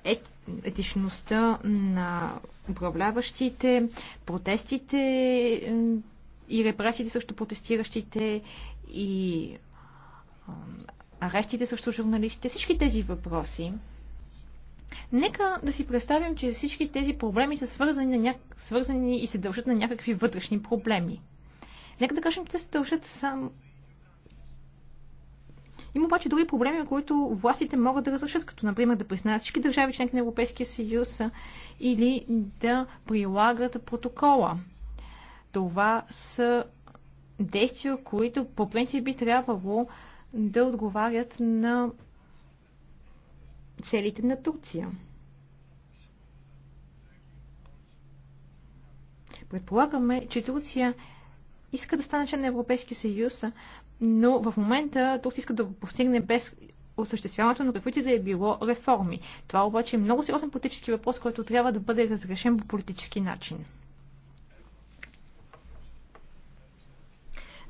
Speaker 2: ет, етичността на управляващите, протестите и репресиите срещу протестиращите и арестите срещу журналистите, всички тези въпроси Нека да си представим, че всички тези проблеми са свързани, на няк... свързани и се дължат на някакви вътрешни проблеми. Нека да кажем, че те се дължат сам... Има обаче други проблеми, които властите могат да разрешат, като например да признаят всички държави членки на Европейския съюз или да прилагат протокола. Това са действия, които по принцип би трябвало да отговарят на целите на Турция. Предполагаме, че Турция иска да стане член на Европейския съюз, но в момента Турция иска да го постигне без осъществяването на каквито да е било реформи. Това обаче е много сериозен политически въпрос, който трябва да бъде разрешен по политически начин.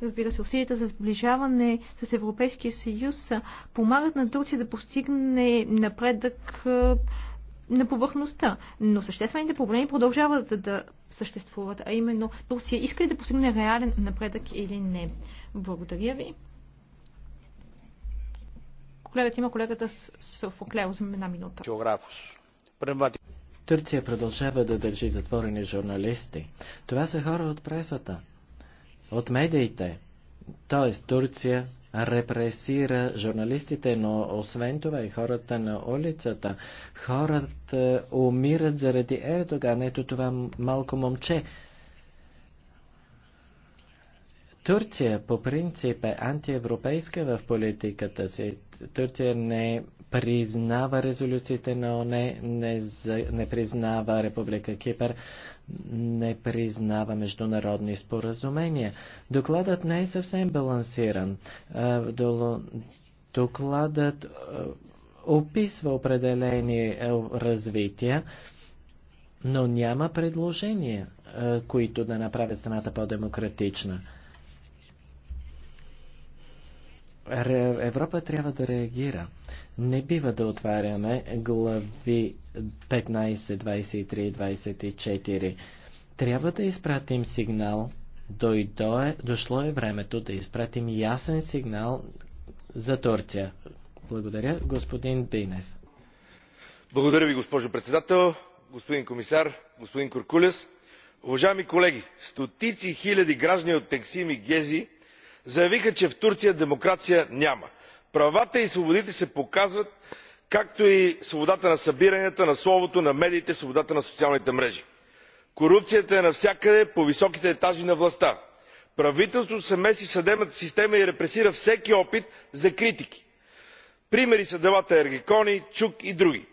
Speaker 2: Разбира се, усилията за сближаване с Европейския съюз помагат на Турция да постигне напредък на повърхността, но съществените проблеми продължават да, да съществуват, а именно Турция иска ли да постигне реален напредък или не. Благодаря ви. Колегата има колегата с Софоклео за една минута.
Speaker 4: Турция продължава да държи затворени журналисти. Това са хора от пресата от медиите. Тоест Турция репресира журналистите, но освен това и хората на улицата. Хората е, умират заради Ердоган. Ето това малко момче. Турция по принцип е антиевропейска в политиката си. Турция не признава резолюциите на ОНЕ, не, не признава Република Кипър, не признава международни споразумения. Докладът не е съвсем балансиран. Докладът описва определени развития, но няма предложения, които да направят страната по-демократична. Европа трябва да реагира. Не бива да отваряме глави 15.23.24. Трябва да изпратим сигнал. Дойдо е, дошло е времето да изпратим ясен сигнал за Турция. Благодаря, господин Бинев.
Speaker 3: Благодаря ви, госпожо председател, господин комисар, господин Куркулес. Уважаеми колеги, стотици хиляди граждани от Тексим и Гези заявиха, че в Турция демокрация няма. Правата и свободите се показват както и свободата на събиранията на словото на медиите свободата на социалните мрежи. корупцията е навсякъде по високите етажи на властта. правителството се меси в съдебната система и репресира всеки опит за критики. примери са делата ергекони чук и други.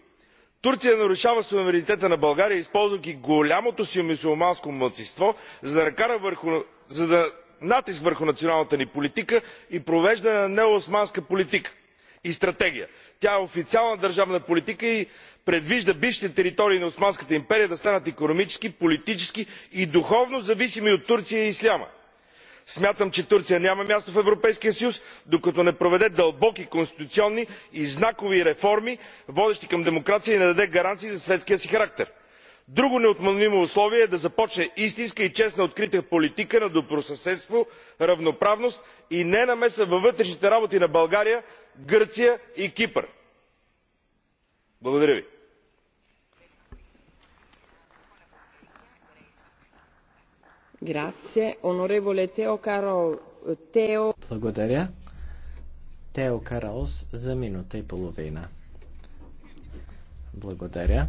Speaker 3: турция нарушава суверенитета на българя използвайки голямото си мюсюлманско малцинство за да накара натиск върху националната ни политика и провеждане на неоосманска политика и стратегия тя е официална държавна политика и предвижда бившите територии на османската империя да станат икономически политически и духовно зависими от турция и исляма. смятам че турция няма място в европейския съюз докато не проведе дълбоки конституционни и знакови реформи водещи към демокрация и не даде гаранции за светския си характер. друго неотменимо условие е да започне истинска и честна открита политика на добросъседство равноправност и ненамеса във вътрешните работи на българя гърция и кипър. благодаря ви.
Speaker 4: Благодаря. Тео Караос за минута и половина. Благодаря.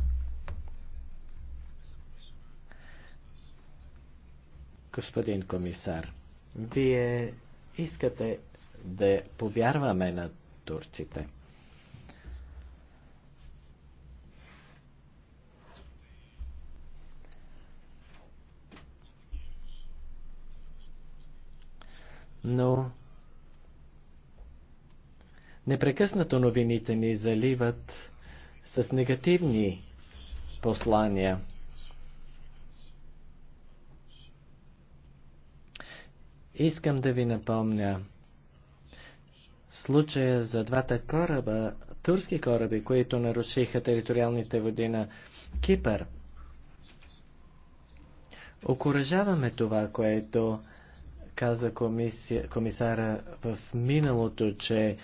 Speaker 4: Господин комисар, вие искате да повярваме на турците. Но непрекъснато новините ни заливат с негативни послания. Искам да ви напомня, случая за двата кораба, турски кораби, които нарушиха териториалните води на Кипър. Окоръжаваме това, което каза комисия, комисара в миналото, че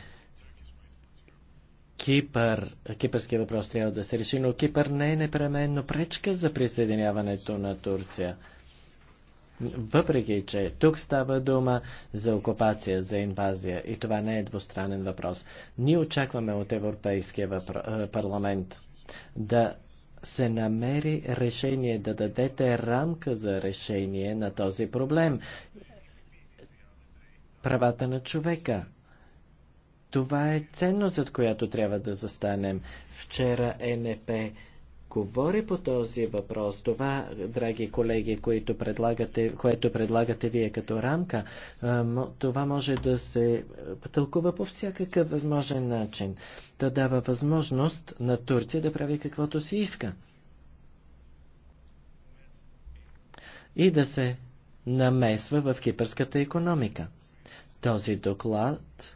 Speaker 4: Кипър, кипърския въпрос трябва да се реши, но Кипър не е непременно пречка за присъединяването на Турция въпреки че тук става дума за окупация, за инвазия и това не е двустранен въпрос. Ние очакваме от Европейския въпро... парламент да се намери решение, да дадете рамка за решение на този проблем. Правата на човека. Това е ценност, за която трябва да застанем. Вчера е НП говори по този въпрос. Това, драги колеги, което предлагате, което предлагате вие като рамка, това може да се тълкува по всякакъв възможен начин. Да дава възможност на Турция да прави каквото си иска. И да се намесва в кипърската економика. Този доклад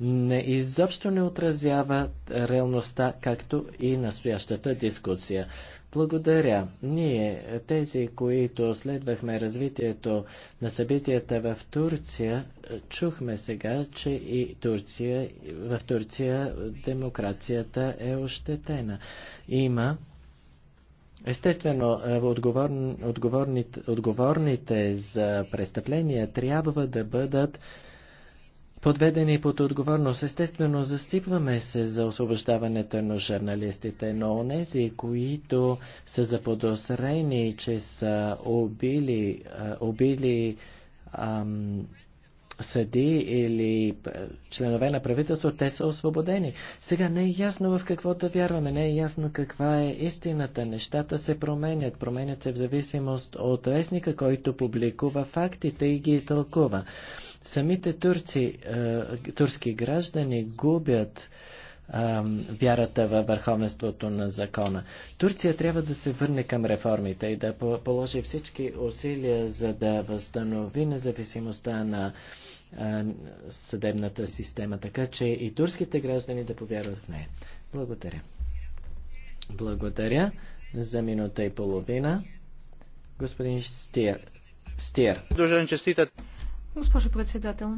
Speaker 4: не, изобщо не отразява реалността, както и настоящата дискусия. Благодаря. Ние, тези, които следвахме развитието на събитията в Турция, чухме сега, че и Турция, в Турция демокрацията е ощетена. Има Естествено, отговор, отговорните, отговорните за престъпления трябва да бъдат подведени под отговорност. Естествено, застипваме се за освобождаването на журналистите, но онези, които са заподозрени, че са убили, убили ам, съди или членове на правителство, те са освободени. Сега не е ясно в какво да вярваме, не е ясно каква е истината. Нещата се променят, променят се в зависимост от вестника, който публикува фактите и ги тълкува. Самите турци, е, турски граждани губят вярата във върховенството на закона. Турция трябва да се върне към реформите и да положи всички усилия, за да възстанови независимостта на е, съдебната система, така че и турските граждани да повярват в нея. Благодаря. Благодаря за минута и половина. Господин Стир. Стир.
Speaker 2: Дължен честитът. Госпожо председател,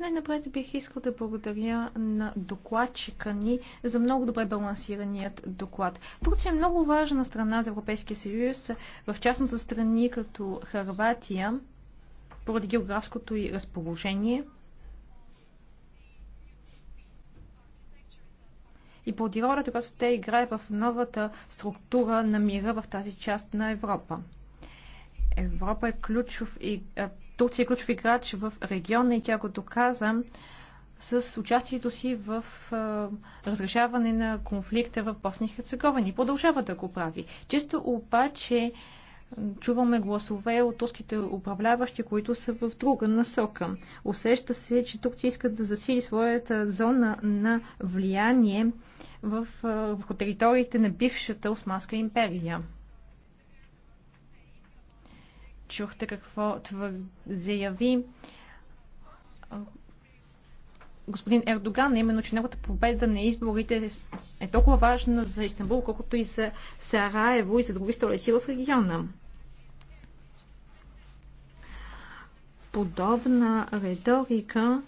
Speaker 2: най-напред бих искал да благодаря на докладчика ни за много добре балансираният доклад. Турция е много важна страна за Европейския съюз, в частност за страни като Харватия, поради географското и разположение и поради ролята, която те играе в новата структура на мира в тази част на Европа. Европа е ключов и Турция е ключов играч в региона и тя го доказа с участието си в а, разрешаване на конфликта в Босния и Херцеговина и продължава да го прави. Често обаче чуваме гласове от турските управляващи, които са в друга насока. Усеща се, че Турция иска да засили своята зона на влияние в, в териториите на бившата Османска империя. Чухте какво твър... заяви господин Ердоган, именно, че неговата победа на изборите е толкова важна за Истанбул, колкото и за Сараево и за други столици в региона. Подобна риторика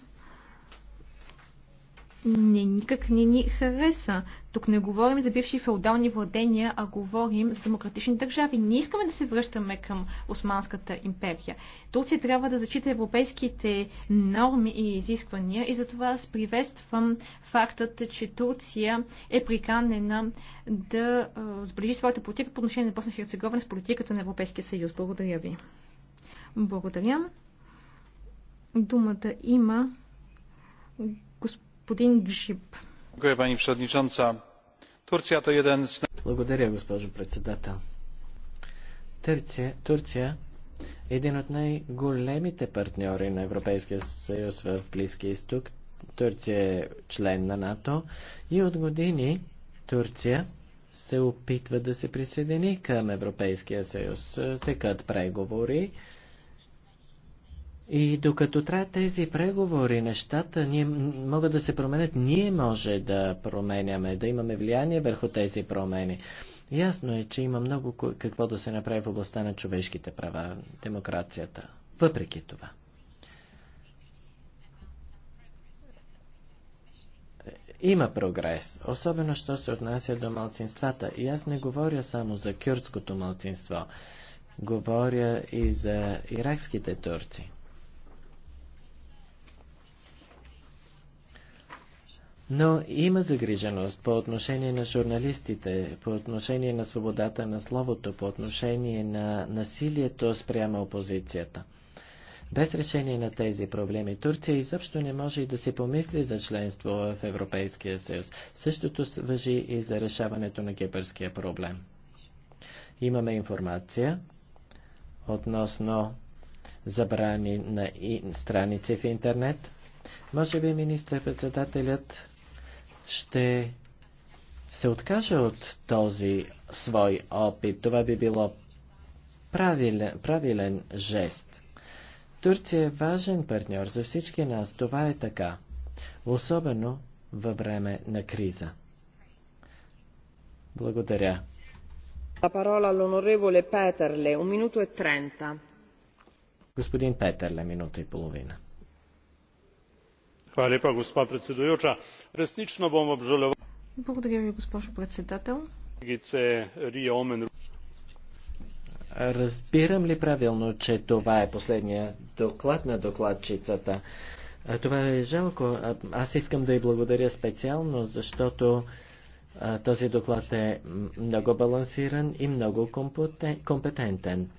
Speaker 2: не, никак не ни хареса. Тук не говорим за бивши феодални владения, а говорим за демократични държави. Не искаме да се връщаме към Османската империя. Турция трябва да зачита европейските норми и изисквания и затова аз приветствам фактът, че Турция е приканена да сближи своята политика по отношение на Босна Херцеговина с политиката на Европейския съюз. Благодаря ви. Благодаря. Думата има
Speaker 4: благодаря, госпожо председател. Турция, Турция е един от най-големите партньори на Европейския съюз в Близкия изток. Турция е член на НАТО и от години Турция се опитва да се присъедини към Европейския съюз. Текат преговори. И докато траят тези преговори, нещата ние могат да се променят. Ние може да променяме, да имаме влияние върху тези промени. Ясно е, че има много какво да се направи в областта на човешките права, демокрацията. Въпреки това. Има прогрес, особено що се отнася до малцинствата. И аз не говоря само за кюртското малцинство. Говоря и за иракските турци. Но има загриженост по отношение на журналистите, по отношение на свободата на словото, по отношение на насилието спрямо опозицията. Без решение на тези проблеми Турция изобщо не може и да си помисли за членство в Европейския съюз. Същото въжи и за решаването на кипърския проблем. Имаме информация относно забрани на страници в интернет. Може би министър-председателят ще се откаже от този свой опит. Това би било правилен, правилен жест. Турция е важен партньор за всички нас. Това е така. Особено във време на криза. Благодаря.
Speaker 5: La parola all'onorevole Peterle, un minuto e trenta.
Speaker 4: Господин Петърле, минута и половина
Speaker 3: resnično bom obžaloval
Speaker 2: kolegice
Speaker 3: ria oomen ruijten
Speaker 4: Разбирам ли правилно, че това е последния доклад на докладчицата? Това е жалко. Аз искам да й благодаря специално, защото този доклад е много балансиран и много компетентен.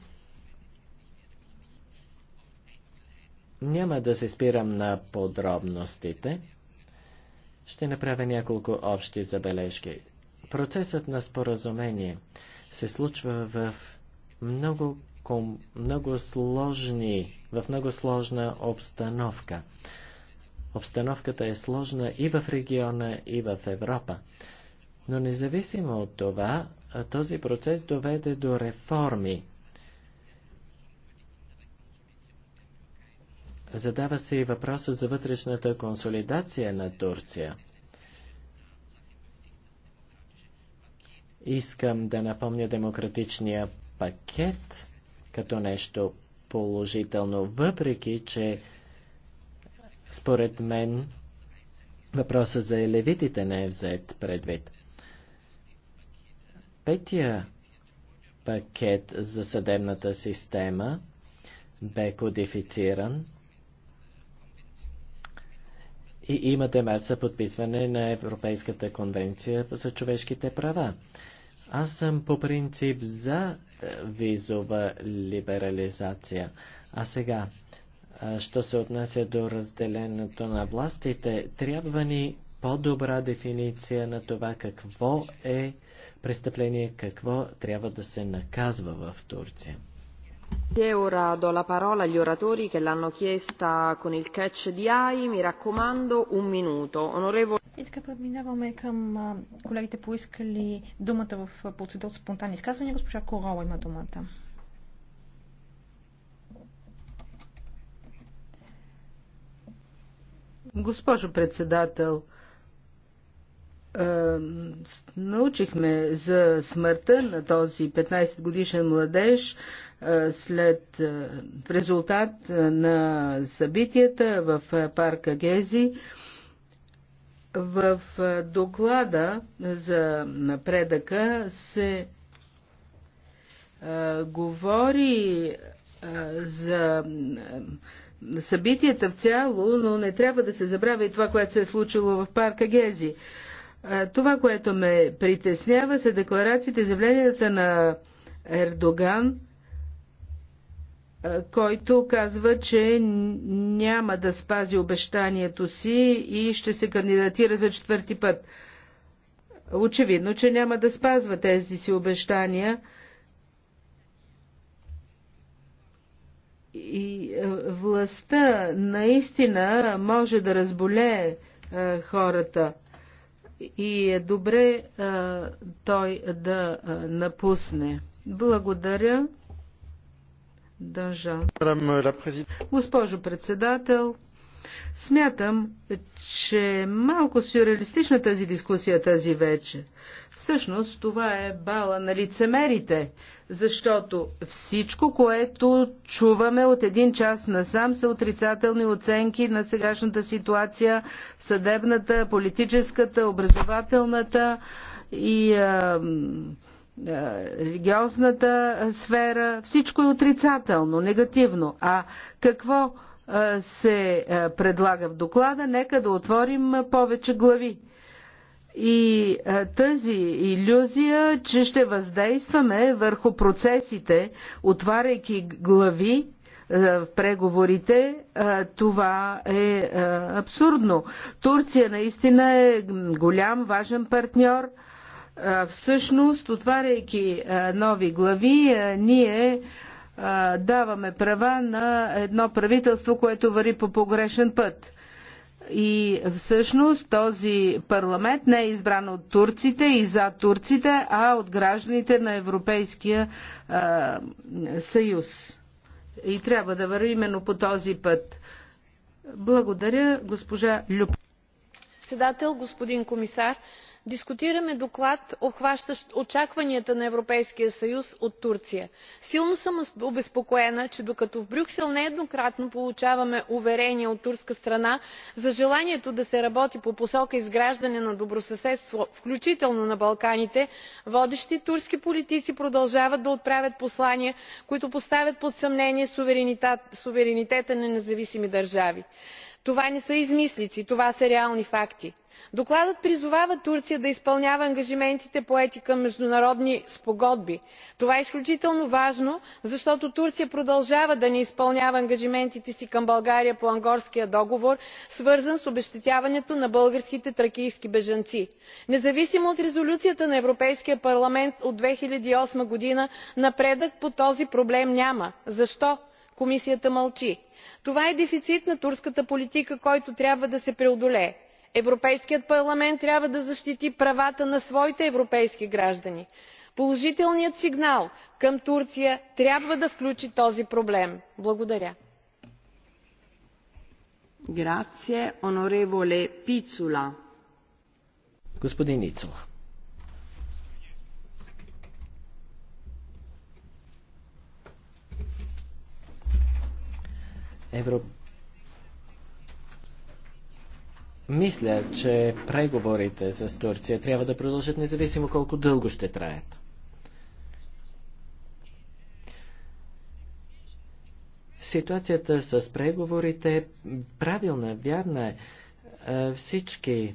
Speaker 4: Няма да се спирам на подробностите. Ще направя няколко общи забележки. Процесът на споразумение се случва в много, ком, много сложни, в много сложна обстановка. Обстановката е сложна и в региона, и в Европа. Но независимо от това, този процес доведе до реформи Задава се и въпроса за вътрешната консолидация на Турция. Искам да напомня демократичния пакет като нещо положително, въпреки че според мен въпроса за елевитите не е взет предвид. Петия пакет за съдебната система бе кодифициран и има демарт за подписване на Европейската конвенция за човешките права. Аз съм по принцип за е, визова либерализация. А сега, е, що се отнася до разделението на властите, трябва ни по-добра дефиниция на това какво е престъпление, какво трябва да се наказва в Турция.
Speaker 5: E ora do la parola agli oratori che l'hanno chiesta con il catch di AI. Mi raccomando, un minuto. Onorevole...
Speaker 2: И така преминаваме към колегите поискали думата в процедура спонтанни изказвания. Госпожа Корола има думата.
Speaker 1: Госпожо председател, научихме за смъртта на този 15 годишен младеж след резултат на събитията в парка Гези. В доклада за напредъка се говори за събитията в цяло, но не трябва да се забравя и това, което се е случило в парка Гези. Това, което ме притеснява, са декларациите, заявленията на Ердоган, който казва, че няма да спази обещанието си и ще се кандидатира за четвърти път. Очевидно, че няма да спазва тези си обещания. И властта наистина може да разболее хората и е добре а, той да а, напусне. Благодаря. Госпожо председател, Смятам, че малко сюрреалистична тази дискусия тази вече. Всъщност това е бала на лицемерите, защото всичко, което чуваме от един час насам са отрицателни оценки на сегашната ситуация, съдебната, политическата, образователната и а, религиозната сфера, всичко е отрицателно, негативно. А какво се предлага в доклада, нека да отворим повече глави. И тази иллюзия, че ще въздействаме върху процесите, отваряйки глави в преговорите, това е абсурдно. Турция наистина е голям, важен партньор. Всъщност, отваряйки нови глави, ние даваме права на едно правителство, което вари по погрешен път. И всъщност този парламент не е избран от турците и за турците, а от гражданите на Европейския а, съюз. И трябва да върви именно по този път. Благодаря, госпожа Люб.
Speaker 7: Председател, господин комисар, дискутираме доклад обхващащ очакванията на европейския съюз от турция. силно съм обезпокоена че докато в брюксел нееднократно получаваме уверения от турска страна за желанието да се работи по посока изграждане на добросъседство включително на балканите водещи турски политици продължават да отправят послания които поставят под съмнение суверенитета на независими държави това не са измислици това са реални факти. докладът призовава турция да изпълнява ангажиментите поети към международни спогодби. това е изключително важно защото турция продължава да не изпълнява ангажиментите си към българя по анкорския договор свързан с обезщетяването на българските тракийски бежанци. независимо от резолюцията на европейския парламент от две хиляди и г. напредък по този проблем няма. защо? комисията мълчи. това е дефицит на турската политика който трябва да се преодолее. европейският парламент трябва да защити правата на своите европейски граждани. положителният сигнал към турция трябва да включи този проблем. благодаря.
Speaker 4: Европ... Мисля, че преговорите с Турция трябва да продължат независимо колко дълго ще траят. Ситуацията с преговорите е правилна, вярна е. е. Всички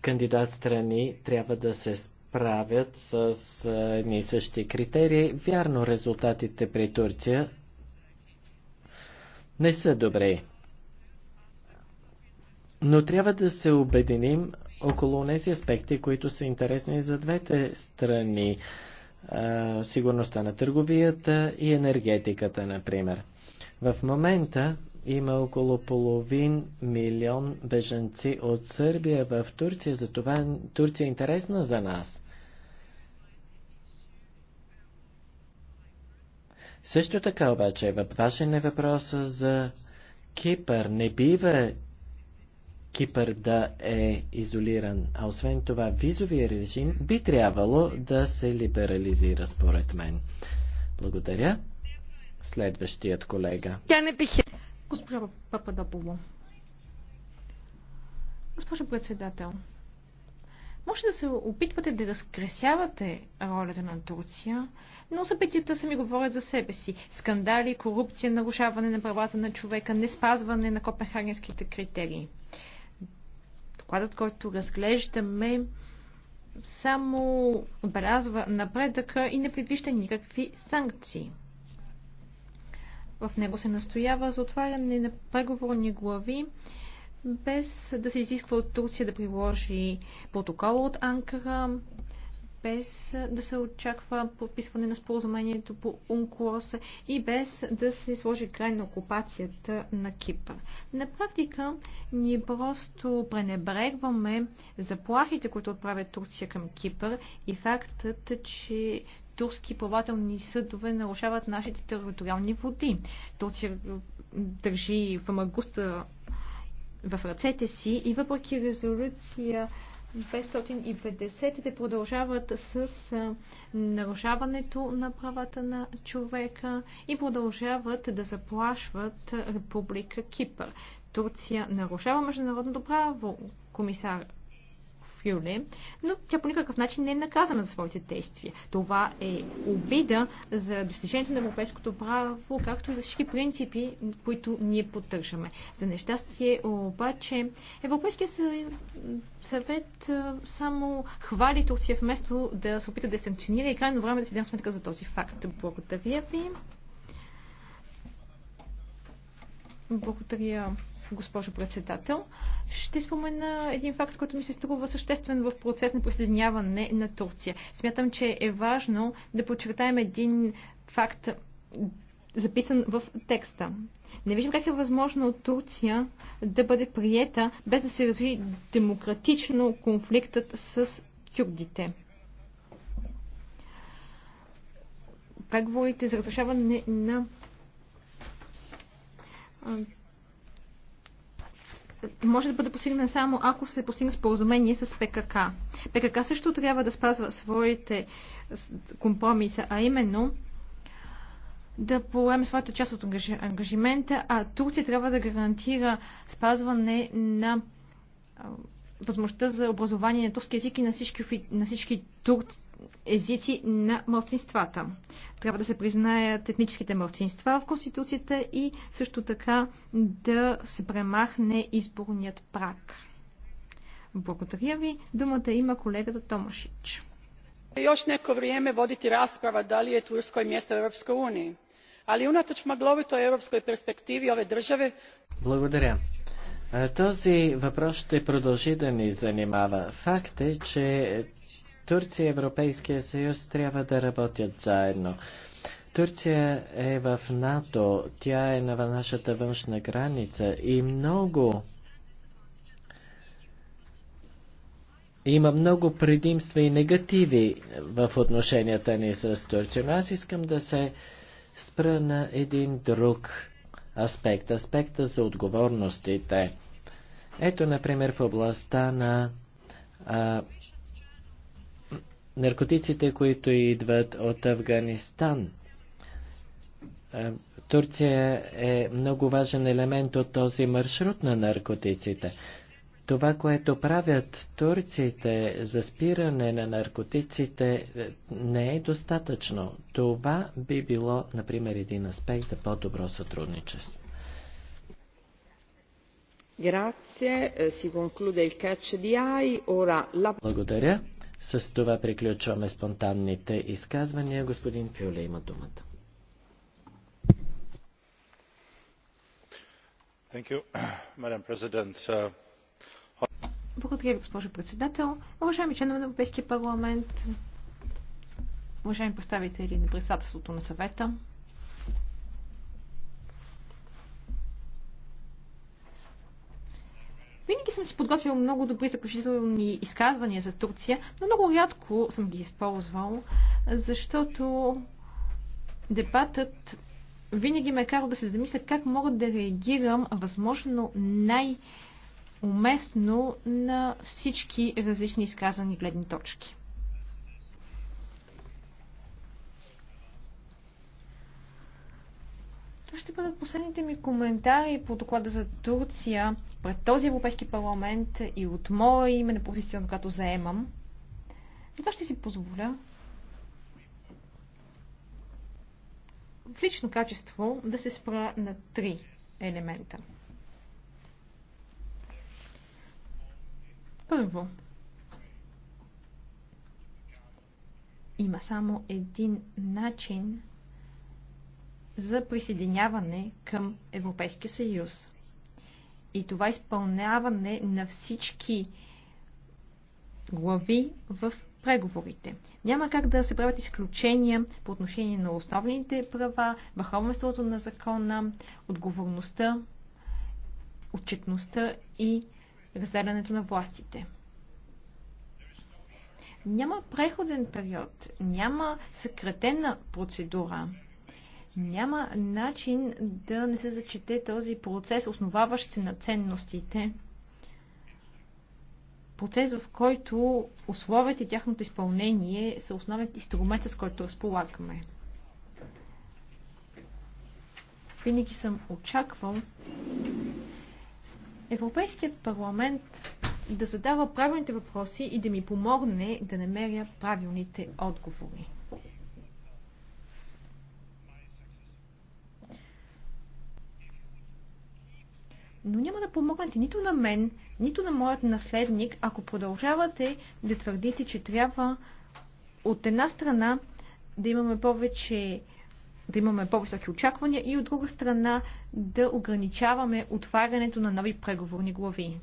Speaker 4: кандидат страни трябва да се справят с е, едни и същи критерии. Вярно, резултатите при Турция не са добре. Но трябва да се обединим около тези аспекти, които са интересни за двете страни. сигурността на търговията и енергетиката, например. В момента има около половин милион беженци от Сърбия в Турция, затова Турция е интересна за нас. Също така обаче е важен е въпроса за Кипър. Не бива Кипър да е изолиран, а освен това визовия режим би трябвало да се либерализира според мен. Благодаря. Следващият колега.
Speaker 2: Тя не пише. Госпожа Пападопова. Госпожа председател, може да се опитвате да разкресявате ролята на Турция, но събитията сами говорят за себе си. Скандали, корупция, нарушаване на правата на човека, неспазване на копенхагенските критерии. Докладът, който разглеждаме, само отбелязва напредъка и не предвижда никакви санкции. В него се настоява за отваряне на преговорни глави без да се изисква от Турция да приложи протокола от Анкара, без да се очаква подписване на споразумението по УНКЛОС и без да се сложи край на окупацията на Кипър. На практика ние просто пренебрегваме заплахите, които отправят Турция към Кипър и фактът, че турски плавателни съдове нарушават нашите териториални води. Турция държи в Магуста в ръцете си и въпреки резолюция 550 те продължават с нарушаването на правата на човека и продължават да заплашват Република Кипър. Турция нарушава международното право, комисар Фюле, но тя по никакъв начин не е наказана за своите действия. Това е обида за достижението на европейското право, както и за всички принципи, които ние поддържаме. За нещастие обаче Европейския съвет само хвали Турция вместо да се опита да санкционира и крайно време да си дам сметка за този факт. Благодаря ви. Благодаря госпожо председател. Ще спомена един факт, който ми се струва съществен в процес на присъединяване на Турция. Смятам, че е важно да подчертаем един факт, записан в текста. Не виждам как е възможно Турция да бъде приета без да се разви демократично конфликтът с Как Преговорите за разрешаване на може да бъде постигна само ако се постигне споразумение с ПКК. ПКК също трябва да спазва своите компромиса, а именно да поеме своята част от ангажимента, а Турция трябва да гарантира спазване на възможността за образование на турски язик и на всички, на всички турци езици на младсинствата. Трябва да се признаят етническите младсинства в Конституцията и също така да се премахне изборният прак. Благодаря ви. Думата има колегата Томашич.
Speaker 5: Još neko vrijeme voditi rasprava da li je Turskoj mjesto u Europskoj uniji, ali unatoč maglovitoj europskoj perspektivi ove države...
Speaker 4: Благодаря. Е, този въпрос ще продължи да ни занимава. Факт е, че Турция и Европейския съюз трябва да работят заедно. Турция е в НАТО, тя е на нашата външна граница и много има много предимства и негативи в отношенията ни с Турция. Но аз искам да се спра на един друг аспект, аспекта за отговорностите. Ето, например, в областта на а, наркотиците, които идват от Афганистан. Е, Турция е много важен елемент от този маршрут на наркотиците. Това, което правят турците за спиране на наркотиците, е, не е достатъчно. Това би било, например, един аспект за по-добро сътрудничество.
Speaker 5: Eh, Благодаря.
Speaker 4: С това приключваме спонтанните изказвания. Господин Фюле има думата.
Speaker 3: Uh,
Speaker 2: Благодаря ви, госпожо председател. Уважаеми членове на Европейския парламент, уважаеми представители на председателството на съвета, Винаги съм си подготвил много добри заключителни изказвания за Турция, но много рядко съм ги използвал, защото дебатът винаги ме е карал да се замисля как мога да реагирам възможно най- уместно на всички различни изказани гледни точки. ще бъдат последните ми коментари по доклада за Турция пред този Европейски парламент и от мое име на позицията, която заемам. Затова ще си позволя в лично качество да се спра на три елемента. Първо, има само един начин за присъединяване към Европейския съюз. И това изпълняване на всички глави в преговорите. Няма как да се правят изключения по отношение на основните права, върховенството на закона, отговорността, отчетността и разделянето на властите. Няма преходен период, няма съкратена процедура. Няма начин да не се зачете този процес, основаващ се на ценностите. Процес, в който условията и тяхното изпълнение са основен инструмент, с който разполагаме. Винаги съм очаквал Европейският парламент да задава правилните въпроси и да ми помогне да намеря правилните отговори. но няма да помогнете нито на мен, нито на моят наследник, ако продължавате да твърдите, че трябва от една страна да имаме повече да имаме по-високи очаквания и от друга страна да ограничаваме отварянето на нови преговорни глави.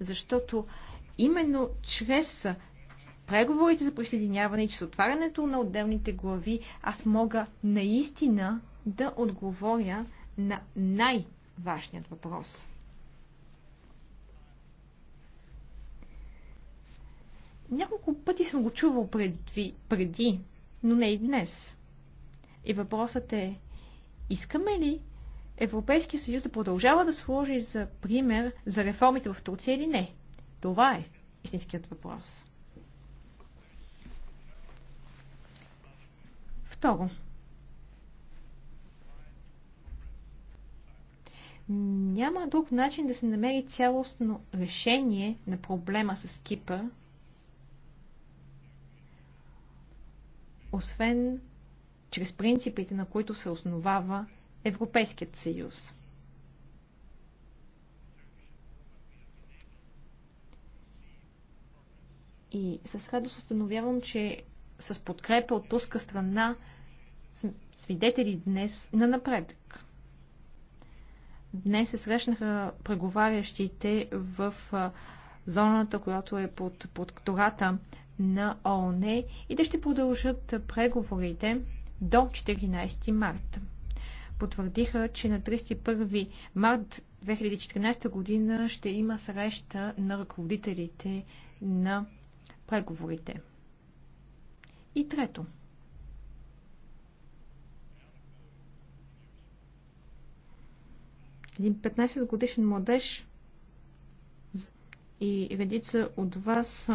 Speaker 2: Защото именно чрез преговорите за присъединяване и чрез отварянето на отделните глави аз мога наистина да отговоря на най- важният въпрос. Няколко пъти съм го чувал преди, преди, но не и днес. И въпросът е, искаме ли Европейския съюз да продължава да сложи за пример за реформите в Турция или не? Това е истинският въпрос. Второ, Няма друг начин да се намери цялостно решение на проблема с Кипър, освен чрез принципите, на които се основава Европейският съюз. И с радост установявам, че с подкрепа от турска страна свидетели днес на напредък. Днес се срещнаха преговарящите в зоната, която е под протектората на ООН и те ще продължат преговорите до 14 март. Потвърдиха, че на 31 март 2014 година ще има среща на ръководителите на преговорите. И трето – Един 15 годишен младеж и редица от вас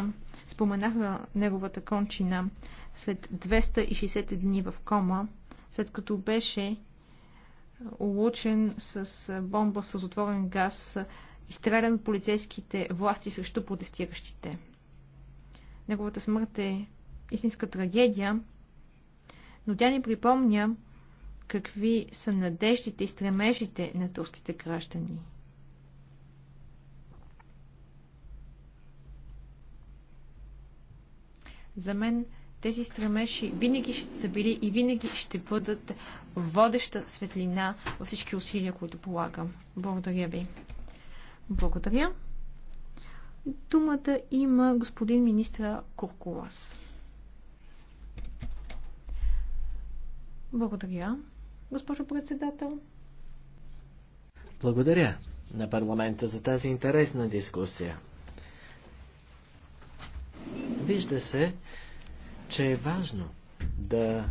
Speaker 2: споменаха неговата кончина след 260 дни в кома, след като беше улучен с бомба с отворен газ, изстрелян от полицейските власти срещу протестиращите. Неговата смърт е истинска трагедия, но тя ни припомня, какви са надеждите и стремежите на турските граждани. За мен тези стремежи винаги ще са били и винаги ще бъдат водеща светлина във всички усилия, които полагам. Благодаря ви. Благодаря. Думата има господин министра Куркулас. Благодаря госпожо председател.
Speaker 4: Благодаря на парламента за тази интересна дискусия. Вижда се, че е важно да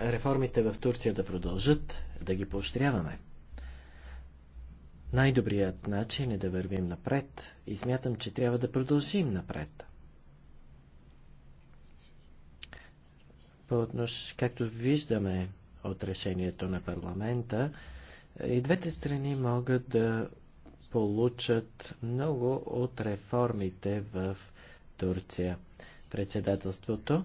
Speaker 4: реформите в Турция да продължат, да ги поощряваме. Най-добрият начин е да вървим напред и смятам, че трябва да продължим напред. По отнош... Както виждаме, от решението на парламента. И двете страни могат да получат много от реформите в Турция. Председателството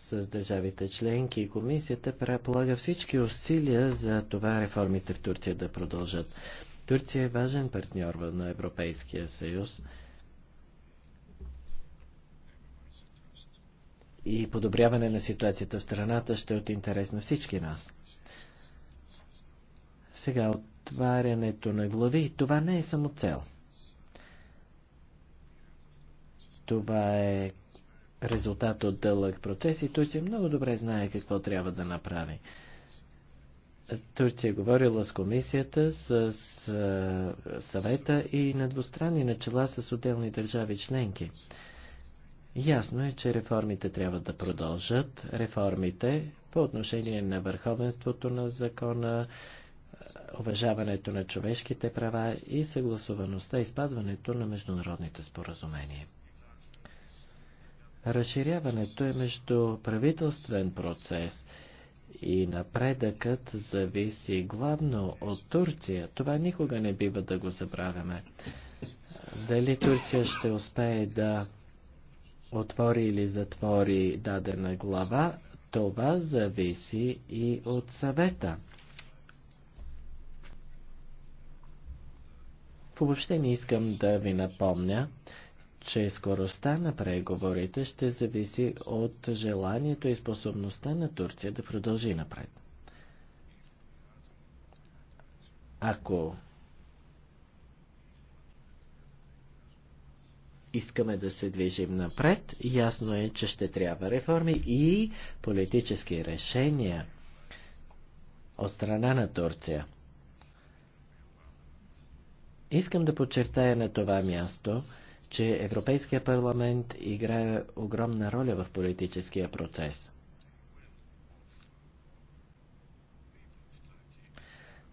Speaker 4: с държавите членки и комисията преполага всички усилия за това реформите в Турция да продължат. Турция е важен партньор на Европейския съюз. и подобряване на ситуацията в страната ще е от интерес на всички нас. Сега отварянето на глави, това не е само цел. Това е резултат от дълъг процес и Турция много добре знае какво трябва да направи. Турция е говорила с комисията, с, съвета и на двустранни начала с отделни държави членки. Ясно е, че реформите трябва да продължат. Реформите по отношение на върховенството на закона, уважаването на човешките права и съгласуваността и спазването на международните споразумения. Разширяването е между правителствен процес и напредъкът зависи главно от Турция. Това никога не бива да го забравяме. Дали Турция ще успее да отвори или затвори дадена глава, това зависи и от съвета. Въобще не искам да ви напомня, че скоростта на преговорите ще зависи от желанието и способността на Турция да продължи напред. Ако искаме да се движим напред, ясно е, че ще трябва реформи и политически решения от страна на Турция. Искам да подчертая на това място, че Европейския парламент играе огромна роля в политическия процес.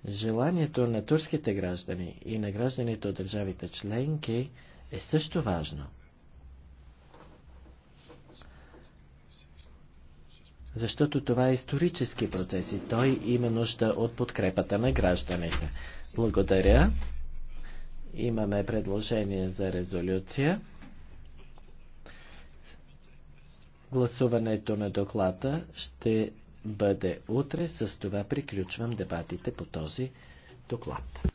Speaker 4: Желанието на турските граждани и на гражданите от държавите членки – е също важно. Защото това е исторически процес и той има нужда от подкрепата на гражданите. Благодаря. Имаме предложение за резолюция. Гласуването на доклада ще бъде утре. С това приключвам дебатите по този доклад.